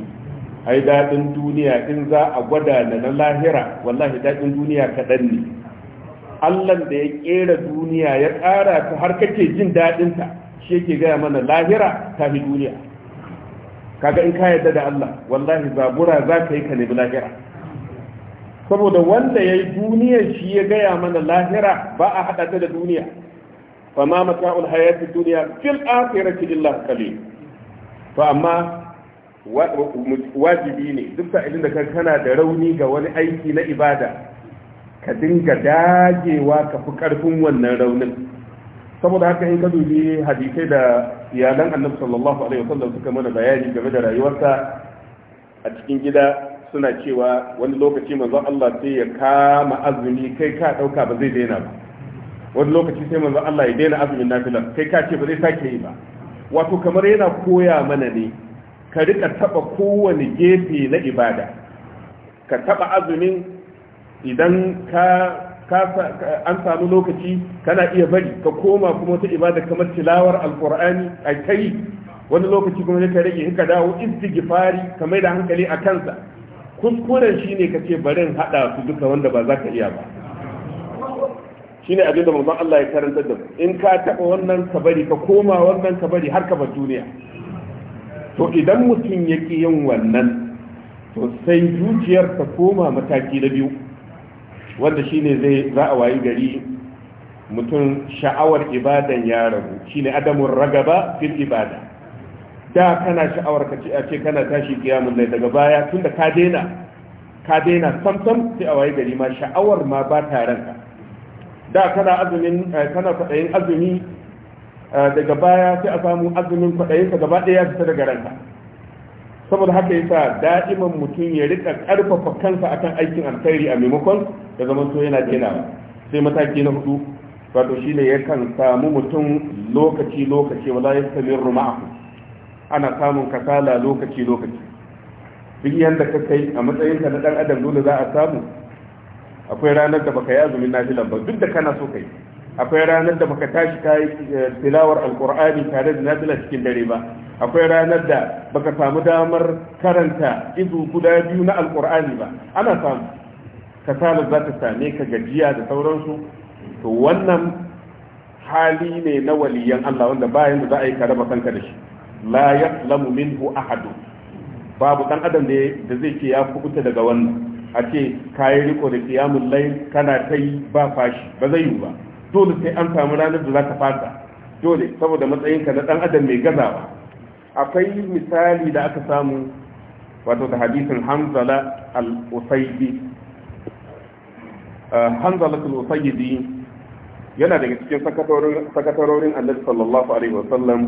ai daɗin duniya in za a gwada da na lahira wallahi daɗin duniya kaɗan ne Allah da ya ƙera duniya ya ƙara ta har kake jin daɗinta shi yake gaya mana lahira ta fi duniya kaga in ka yarda da allah wallahi zabura za ka yi ka nemi lahira saboda wanda ya yi duniya shi ya gaya mana lahira ba a haɗa ta da duniya ma mata'ul hayatid duniya fil akhirati illa qalil to amma wajibi ne duk sa'ilin da kan kana da rauni ga wani aiki na ibada ka dinga dagewa ka fi karfin wannan raunin saboda haka in ka dubi hadisai da iyalan annabi sallallahu alaihi wasallam suka mana bayani game da rayuwarsa a cikin gida suna cewa wani lokaci manzo Allah sai ya kama azumi kai ka dauka ba zai daina ba wani lokaci sai manzo Allah ya daina azumin nafila kai ka ce ba zai sake yi ba wato kamar yana koya mana ne ka rika taba kowane gefe na ibada ka taba azumin idan ka an samu lokaci kana iya bari ka koma kuma ta ibada kamar tilawar alkur'ani a kai wani lokaci kuma ka rage ka dawo istighfari ka mai da hankali a kansa kuskuren ne ka ce barin hada su duka wanda ba za ka iya ba ne abinda manzon Allah ya karanta da in ka taba wannan ka bari ka koma wannan ka bari har ka bar duniya to idan mutum ya ƙi yin wannan to sai zuciyar ta koma mataki na biyu wanda shine zai za a wayi gari mutum sha'awar ibadan ya rabu shine adamun ragaba fil ibada da kana sha'awar ka ce kana tashi kiyamun lai daga baya tunda ka daina ka daina sam sai a wayi gari ma sha'awar ma ba ta ranka da kana azumin eh, kana fadayin azumi daga baya sai a samu azumin kwaɗayinsa gaba ɗaya fita daga ranka saboda haka yasa da'iman mutum ya rika ƙarfafa kansa akan aikin alkhairi a maimakon da zaman so yana daina sai mataki na hudu wato shine yakan samu mutum lokaci lokaci wala yastamirru ma'ahu ana samun kasala lokaci lokaci duk yanda ka kai a matsayin na dan adam dole za a samu akwai ranar da baka yi azumin nafilan ba duk da kana so kai akwai ranar da baka tashi ka yi eh, tilawar alkur'ani tare da nazila cikin dare ba akwai ranar da baka samu damar karanta izu guda biyu na alkur'ani ba ana samu kasala za ta same ka gajiya da sauransu to wannan hali ne na waliyan Allah wanda bayan da za a yi kare kanka da shi la yaslamu minhu ahadu babu dan adam da zai ce ya kubuta daga wannan a ce kayi riko da kiyamun lai kana ta yi ba fashi ba zai yi ba dole sai an samu ranar da za ka fasa dole saboda matsayinka na dan adam mai gazawa akwai misali da aka samu wato da hadisin hanzala al-usaydi eh, hanzala al-usaydi yana daga cikin sakatarorin annabi sallallahu alaihi wasallam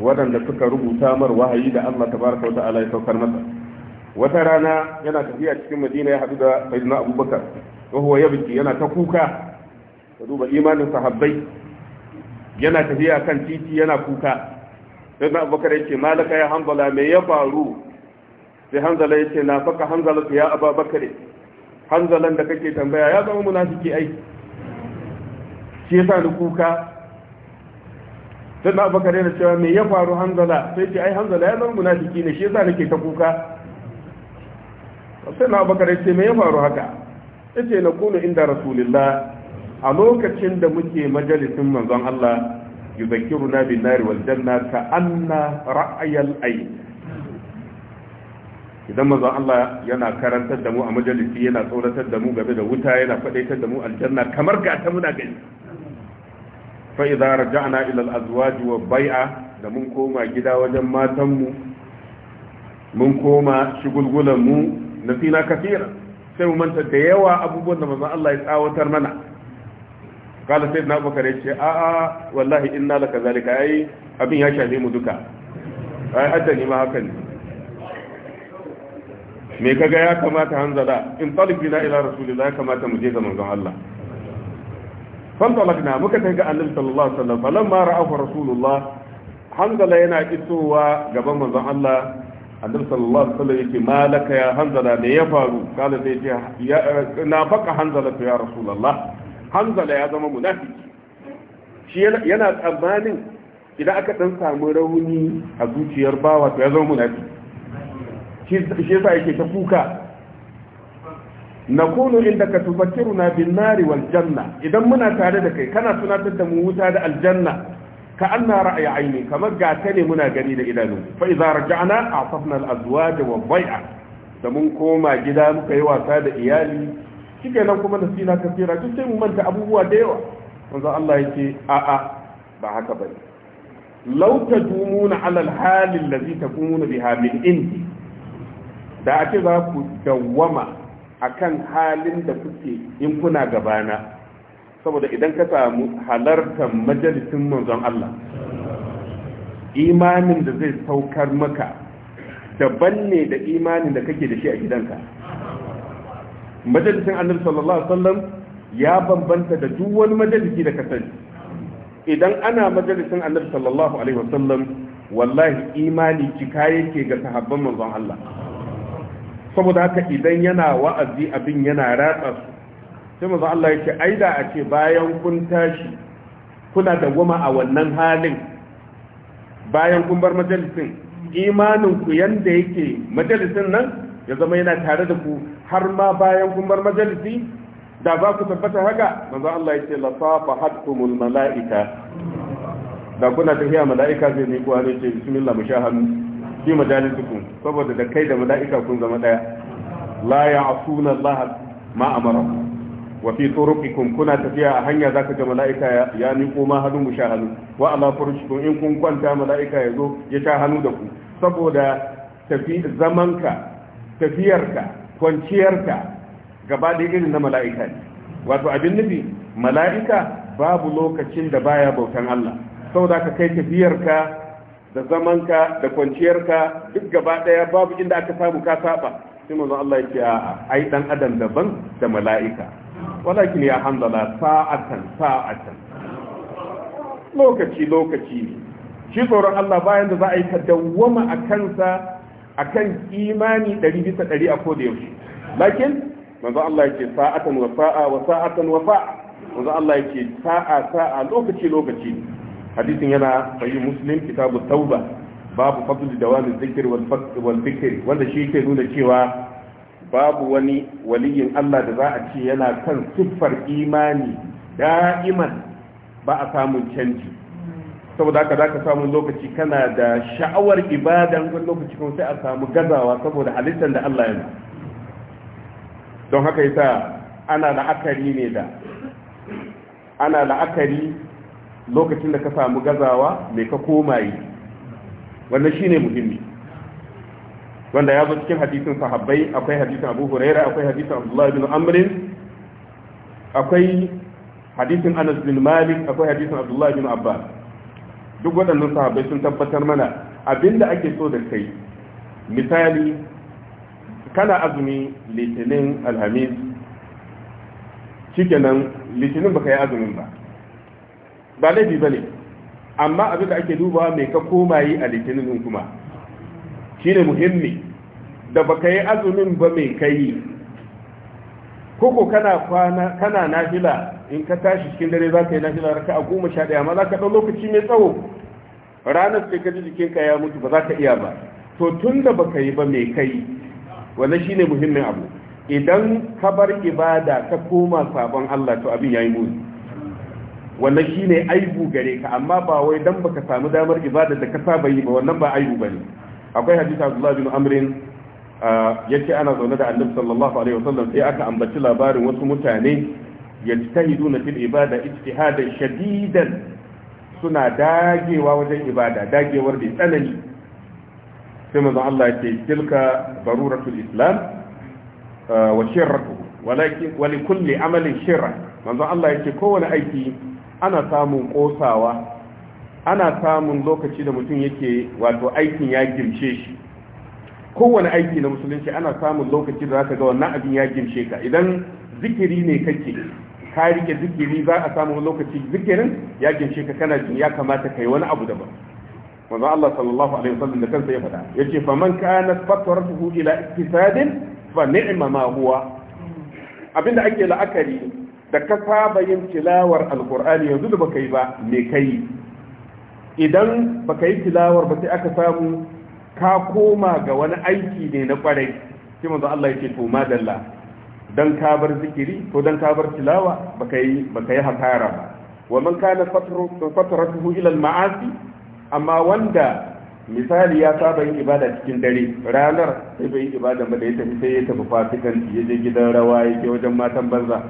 waɗanda suka rubuta mar wahayi da Allah tabaraka wa ta'ala ya saukar masa wata rana yana tafiya cikin madina ya haɗu da sayyidina abubakar wa huwa yabki yana ta kuka ka duba imanin sahabbai yana tafiya kan titi yana kuka sai na abubakar yake ce malaka ya hanzala me ya faru sai hanzala ya ce na faka hanzala ya abubakar hanzalan da kake tambaya ya zama munafiki ai shi yasa ni kuka sai na abubakar yana cewa me ya faru hanzala sai ce ai hanzala ya zama munafiki ne shi yasa nake ta kuka sai na abubakar yake ce me ya faru haka yace na kunu inda rasulillah a lokacin da muke majalisin manzon Allah yuzakkiruna bin nari wal janna ka anna ra'ayal ayn idan manzon Allah yana karantar da mu a majalisi yana tsoratar da mu game da wuta yana fadaitar da mu aljanna kamar ga ta muna gani fa idza raja'na ila al azwaj wa bai'a da mun koma gida wajen matan mu mun koma shigulgulan mu na fina kafira sai mu manta da yawa abubuwan da manzon Allah ya tsawatar mana kala sai na abubakar ya ce a'a wallahi inna laka zalika yayi abin ya shafe mu duka ai addani ma hakan me kaga ya kamata hanzala in talibi na ila rasulillah ya kamata mu je ga manzon Allah fantalakna muka kai ga annabi sallallahu alaihi wasallam falamma ra'ahu rasulullah hanzala yana isowa gaban manzon Allah annabi sallallahu alaihi wasallam yake malaka ya hanzala me ya faru kala sai ya na faka hanzala ya rasulullah hanzala ya zama munafiki shi yana tsammanin idan aka dan samu rauni a zuciyar bawa to ya zama munafiki shi yasa yake ta kuka nakunu indaka tufakkiruna bin nari wal janna idan muna tare da kai kana tunatar da mu wuta da aljanna ka anna ra'ayi aini kamar ga ta ne muna gani da idanu fa idza raja'na a'tafna al azwaj wa dhai'a da mun koma gida muka yi wasa da iyali shi nan kuma nasina kafira duk sai mu manta abubuwa da yawa manzo Allah yake a'a ba haka bane law tadumuna ala al-hal alladhi takununa biha min indi da ake za ku dawwama akan halin da kuke in kuna gabana saboda idan ka samu halartar majalisin manzon Allah imanin da zai saukar maka daban ne da imanin da kake da shi a gidanka majalisin annabi sallallahu alaihi wasallam ya bambanta da duk wani majalisi da ka sani idan ana majalisin annabi sallallahu alaihi wasallam wallahi imani cika yake ga sahabban manzon Allah saboda haka idan yana wa'azi abin yana ratsa su sai manzon Allah yake aida a ce bayan kun tashi kuna da goma a wannan halin bayan kun bar majalisin imanin ku yanda yake majalisin nan ya zama yana tare da ku har ma bayan kun bar majalisi da ba ku tabbata haka manzo Allah ya ce la safahatkumul malaika da kuna tafiya malaika zai ne kuwa ne ce bismillah mu sha hannu fi majalisukum saboda da kai da malaika kun zama daya la ya'suna Allah ma amara wa fi turuqikum kuna tafiya a hanya zaka ga malaika ya ni ma hannu mu sha hannu wa ala furushikum in kun kwanta malaika ya zo ya sha hannu da ku saboda tafi zamanka tafiyarka kwanciyarka gaba da irin na mala'ika ne wato abin nufi mala'ika babu lokacin da baya bautan Allah Sau da aka kai tafiyarka da zamanka da kwanciyarka duk gaba daya babu inda aka samu ka saba sai mazu Allah yake a ai dan adam daban da mala'ika walakin ya hamdala sa'atan sa'atan lokaci lokaci ne shi tsoron Allah bayan da za a yi ka dawwama a kansa akan imani ɗari bisa ɗari a koda yaushe lakin manzo Allah yake sa'atan wa sa'a wa sa'atan wa fa'a manzo Allah yake sa'a sa'a lokaci lokaci hadisin yana sahih muslim kitabu tauba babu fadl dawam zikr wal fakr wal fikr wanda shi yake nuna cewa babu wani waliyin Allah da za a ce yana kan siffar imani da'iman ba a samun canji saboda haka zaka samu lokaci kana da sha'awar ibadan wani lokaci kuma sai a samu gazawa saboda halittar da Allah ya don haka yasa ana la'akari ne da ana la'akari lokacin da ka samu gazawa mai ka koma yi wannan shine muhimmi wanda ya zo cikin hadisin sahabbai akwai hadisin Abu Huraira akwai hadisin Abdullah bin Amr akwai hadisin Anas bin Malik akwai hadisin Abdullah bin Abbas duk waɗannan sahabai sun tabbatar mana abinda ake so da kai misali kana azumi litinin alhamis shikenan litinin baka yi azumin ba ba laifi ba ne amma abinda ake dubawa mai ka koma yi a litinin kuma shi ne muhimmi da baka yi azumin ba mai kai koko kana kwana kana nafila in ka tashi cikin dare za ka yi lafiya raka a goma sha ɗaya amma za ka ɗau lokaci mai tsawo ranar sai ka ji jikin ka ya mutu ba za ka iya ba to tun da ba ka yi ba mai kai wanda shi ne muhimmin abu idan ka bar ibada ka koma sabon allah to abin ya yi muni wannan shi ne aibu gare ka amma ba wai dan baka samu damar ibada da ka saba yi ba wannan ba aibu ba ne akwai hadisi abdullahi bin amrin ah, yace ana zaune da annabi sallallahu alaihi wasallam sai aka ambaci labarin wasu mutane yajtahiduna fil ibada ijtihadan shadidan suna dagewa wajen ibada dagewar da tsanani sai manzon Allah yake tilka daruratul islam uh, wa shirratu walakin wa amalin shirra manzon Allah yake kowane aiki ana samun kosawa ana samun lokaci da mutum yake wato aikin ya girce shi kowane aiki na musulunci ana samun lokaci da zaka ga wannan abin ya girce ka idan zikiri ne kake ka rike zikiri za a samu lokaci zikirin ya sheka ka kana jin ya kamata kai wani abu daban manzo Allah sallallahu alaihi wasallam da kansa ya faɗa yace man kanat fatratuhu ila iktisadin fa ni'ma ma huwa abinda ake la'akari da ka saba yin tilawar alqur'ani yanzu da baka yi ba me kai idan baka yi tilawar ba sai aka samu ka koma ga wani aiki ne na kwarai sai manzo Allah yake to madalla dan ka bar zikiri ko dan ka bar tilawa baka yi baka yi hasara ba wa man kana fatratuhu ila al-ma'asi amma wanda misali ya saba yin ibada cikin dare ranar sai bai yi ibada ba da ya tafi sai ya tafi fasikanci ya je gidan rawa ya je wajen matan banza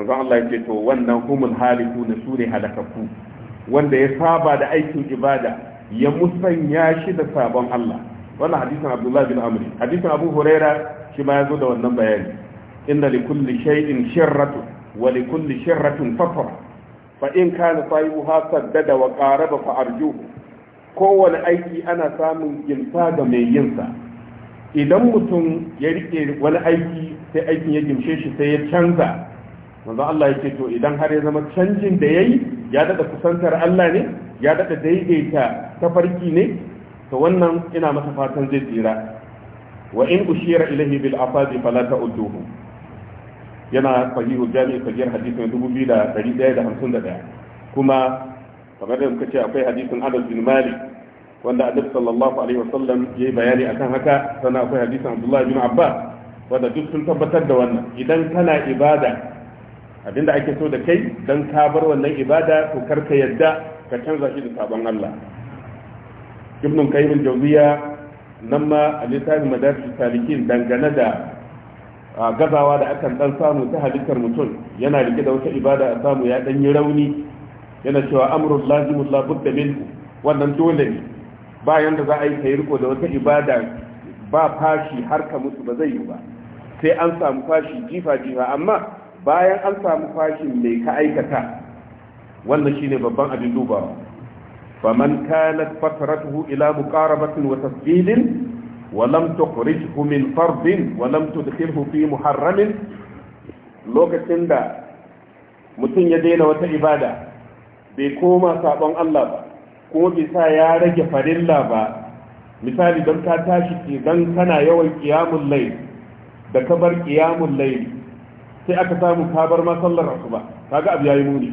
manzon Allah ya ce to wannan humul haliku na sune halakaku wanda ya saba da aikin ibada ya musanya shi da sabon Allah wannan hadisin Abdullah bin Amr hadisin Abu Huraira shi ma ya zo da wannan bayani inna li kulli shay'in shirratu wa li kulli fatra fa in kana sahibuha saddada wa qaraba fa arjuhu kowane aiki ana samun gimsa ga mai yinsa idan mutum ya rike wani aiki sai aikin ya gimshe shi sai ya canza manzo Allah ya ce to idan har ya zama canjin da yayi ya dada kusantar Allah ne ya dada daidaita tafarki ne to wannan ina masa fatan zai tsira wa in ushira ilahi bil afadi fala ta'udduhu yana sahihul jami'i sahihar hadisin 2151 kuma kamar da muka ce akwai hadisin Anas bin Malik wanda Annabi sallallahu alaihi wasallam yayi bayani akan haka sannan akwai hadisin Abdullah bin Abbas wanda duk sun tabbatar da wannan idan kana ibada abinda ake so da kai dan ka bar wannan ibada to karka yadda ka canza shi da sabon Allah ibn qayyim al-jawziya nan ma a littafin madaris salikin dangane da gazawa da akan dan samu ta halittar mutum yana rike da wata ibada a samu ya dan yi rauni yana cewa amrul lazimul la budda minhu wannan dole ne bayan da za a yi kai riko da wata ibada ba fashi har ka mutu ba zai yi ba sai an samu fashi jifa jifa amma bayan an samu fashin mai ka aikata wannan shine babban abin dubawa faman kanat fatratuhu ila muqarabatin wa tasbidin ولم تخرجه من فرض ولم تدخله في محرم lokacin da mutum ya daina wata ibada bai koma sabon Allah ba kuma ya rage farilla ba misali don ka tashi ke don kana yawan kiyamun lai da ka bar kiyamun lai sai aka samu ka bar masallar asuba kaga abu yayi muni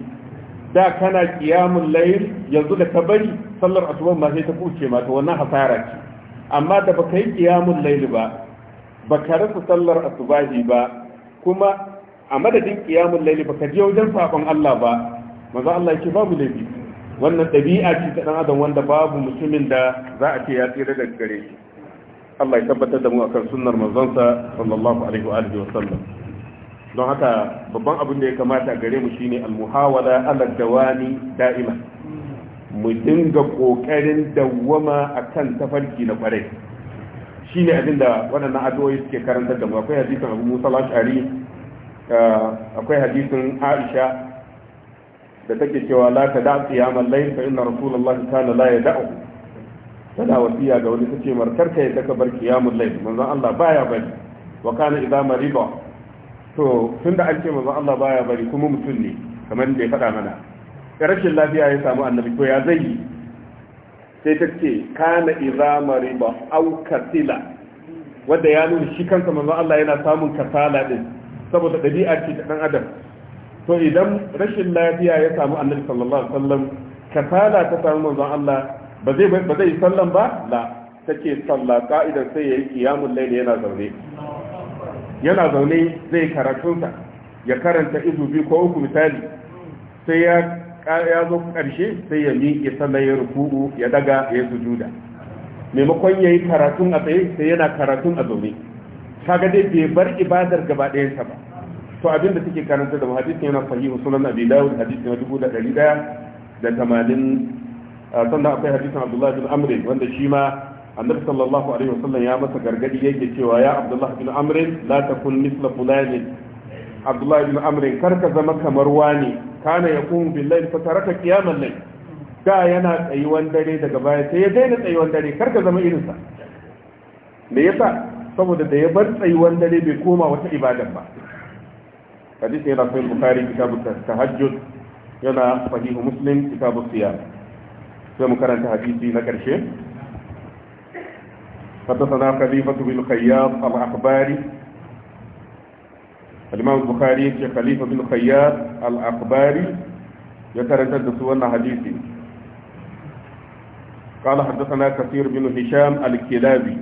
da kana kiyamun lai yanzu da ka bari sallar asuba ma sai ta kuce ma to wannan hasara ce amma da baka yi kiyamun laili ba baka rasa sallar asubahi ba kuma a madadin kiyamun laili baka je wajen sakon Allah ba maza Allah yake babu laifi wannan ɗabi'a ce ta ɗan adam wanda babu mutumin da za a ce ya tsira daga gare shi Allah ya tabbatar da mu akan sunnar manzonsa sallallahu alaihi wa alihi wa sallam don haka babban abin da ya kamata gare mu shine al-muhawala ala dawani da'ima mu dinga kokarin dawwama akan tafarki na kwarai shine abin da waɗannan addu'o'i suke karanta da mu akwai hadisin Abu Musa al-Ash'ari eh, akwai hadisin Aisha da take cewa la ta da qiyamal layl fa inna rasulullah kana la yada'u tana wasiya ga wani tace markar kai ta kabar qiyamul layl manzon Allah baya bari wa kana idza mariba to tunda an ce manzon Allah baya bari kuma mutum ne kamar da ya faɗa mana rashin lafiya ya samu annabi to ya zai yi sai ta ce kana izamari riba au wanda ya nuna shi kansa manzon Allah yana samun kasala din saboda dabi'a ce ta dan adam to idan rashin lafiya ya samu annabi sallallahu alaihi wasallam kasala ta samu manzon Allah ba zai ba zai sallan ba la take salla ka'idar sai yayi qiyamul layl yana zaune yana zaune zai karatunsa ya karanta izu biyu ko uku misali sai ya ya zo ƙarshe sai ya miƙe sannan ya ruku'u ya daga ya sujuda maimakon ya yi karatun a tsaye sai yana karatun a zaune kaga dai bai bar ibadar gaba ɗayansa ba to abin da take karanta da hadisin yana sahihu sunan abi dawud hadisi na dubu da ɗari ɗaya da tamanin sannan akwai hadisin abdullahi bin amri wanda shi ma annabi sallallahu alaihi wasallam ya masa gargadi yake cewa ya abdullahi bin amri la takun misla fulani abdullahi bin amri kar ka zama kamar wani kana ya kuma billahi fataraka qiyamul layl da yana tsayuwan dare daga baya sai ya daina tsayuwan dare karka zama irinsa me yasa saboda da ya bar tsayuwan dare bai koma wata ibada ba hadisi yana sahih bukhari kitabu tahajjud yana sahih muslim kitabu siyam sai mu karanta hadisi na karshe حدثنا خليفة بن خياط الأخباري الإمام البخاري في خليفة بن خيار الأخباري يكرر الدسوان حديثي قال حدثنا كثير بن هشام الكلابي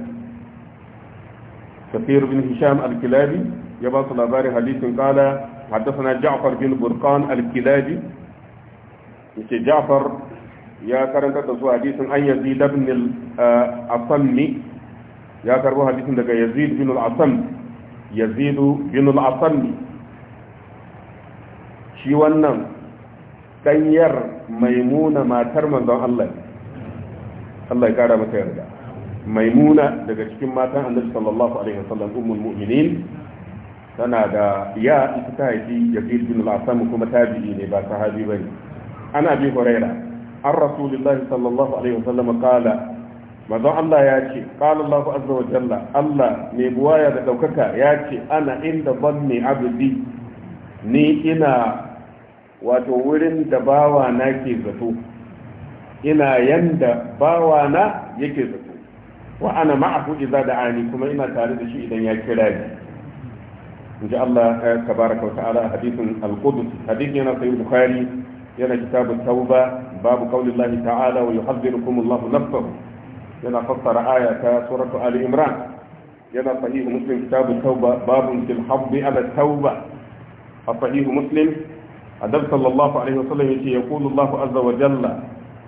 كثير بن هشام الكلابي يبقى الأخباري حديث قال حدثنا جعفر بن برقان الكلابي يقول جعفر يا كرنت تسوى حديث أن يزيد بن الأصم آه، يا كربو حديث لك يزيد بن الأصم yazidu binul al shi wannan ɗanyar maimuna matar manzon Allah Allah ya ƙara mata yarda maimuna daga cikin matan annabi sallallahu alaihi wasallam ummul mu'minin tana da ya ita ta haifi yazid bin al-asam kuma tabi'i ne ba sahabi bane ana bi huraira an rasulillahi sallallahu alaihi wasallam qala manzon Allah ya ce qala Allah azza wa jalla Allah mai buwaya da daukaka ya ce ana inda banni abdi ni ina wato wurin da bawa na ke zato ina yanda bawa na yake zato wa ana ma'ahu idza da'ani kuma ina tare da shi idan ya kira ni inji Allah eh, tabaraka wa ta'ala hadithun al-qudus hadith yana sahih bukhari yana kitabu tauba babu qaulillahi ta'ala wa yuhadhdhirukum Allahu nafsahu yana fassara aya ta suratu ali imran yana sahihu muslim kitabu tauba babun fil habbi ala tauba a sahihu muslim adab sallallahu alaihi wasallam yace yaqulu allah azza wa jalla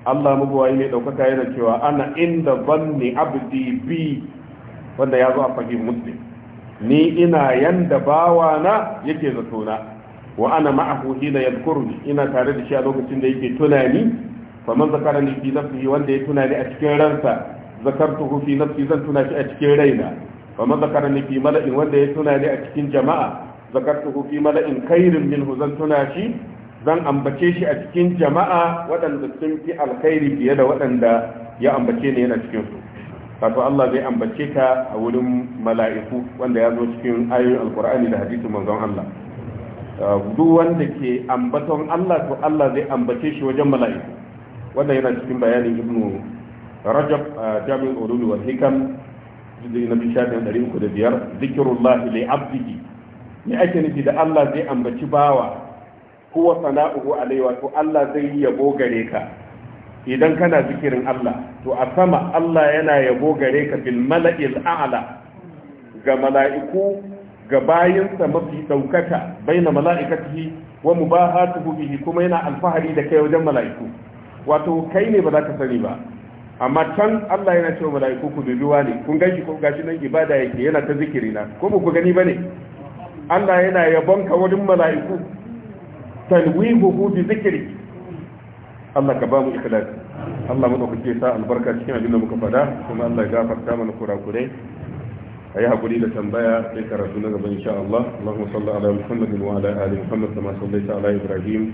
allah mugwayi ne daukaka yana cewa ana inda banni abdi bi wanda ya zo a sahihu muslim ni ina yanda bawana yake zatona wa ana ma'ahu hina yadhkuruni ina tare da shi a lokacin da yake tunani fa man zakarani fi nafsihi wanda ya tunani a cikin ransa zakartuhu fi nafsi zan tuna shi a cikin raina fa man zakarani fi mala'in wanda ya tuna ni a cikin jama'a zakartuhu fi mala'in khairin minhu zan tuna shi zan ambace shi a cikin jama'a waɗanda sun fi alkhairi fiye da waɗanda ya ambace ni yana cikin su wato Allah zai ambace ka a wurin mala'iku wanda ya zo cikin ayoyin alkur'ani da hadisi manzon Allah uh, duk wanda ke ambaton Allah to Allah zai ambace shi wajen mala'iku wannan yana cikin bayanin ibnu rajab a ulul wal hikam jizgi na bishafin ɗari uku da biyar zikirullahi li abdihi me ake nufi da Allah zai ambaci bawa huwa sana'uhu alaihi wato Allah zai yi yabo gare ka idan kana zikirin Allah to a sama Allah yana yabo gare ka bil mala'il a'la ga mala'iku ga bayinsa mafi daukaka baina mala'ikatihi wa mubahatuhu bihi kuma yana alfahari da kai wajen mala'iku wato kai ne ba za ka sani ba amma can Allah yana cewa mala'iku ku dubi wani kun ganshi ko gashi nan ibada yake yana ta zikiri na ko ku gani bane Allah yana yabon ka wajen mala'iku tanwihuhu bi zikri Allah ka ba mu ikhlas Allah mu dauke sa albarka cikin abin da muka fada kuma Allah ya gafarta mana kurakurai ayi hakuri da tambaya sai karatu na gaba insha Allah Allahumma salli ala Muhammadin wa ala ali Muhammad kama sallaita ala Ibrahim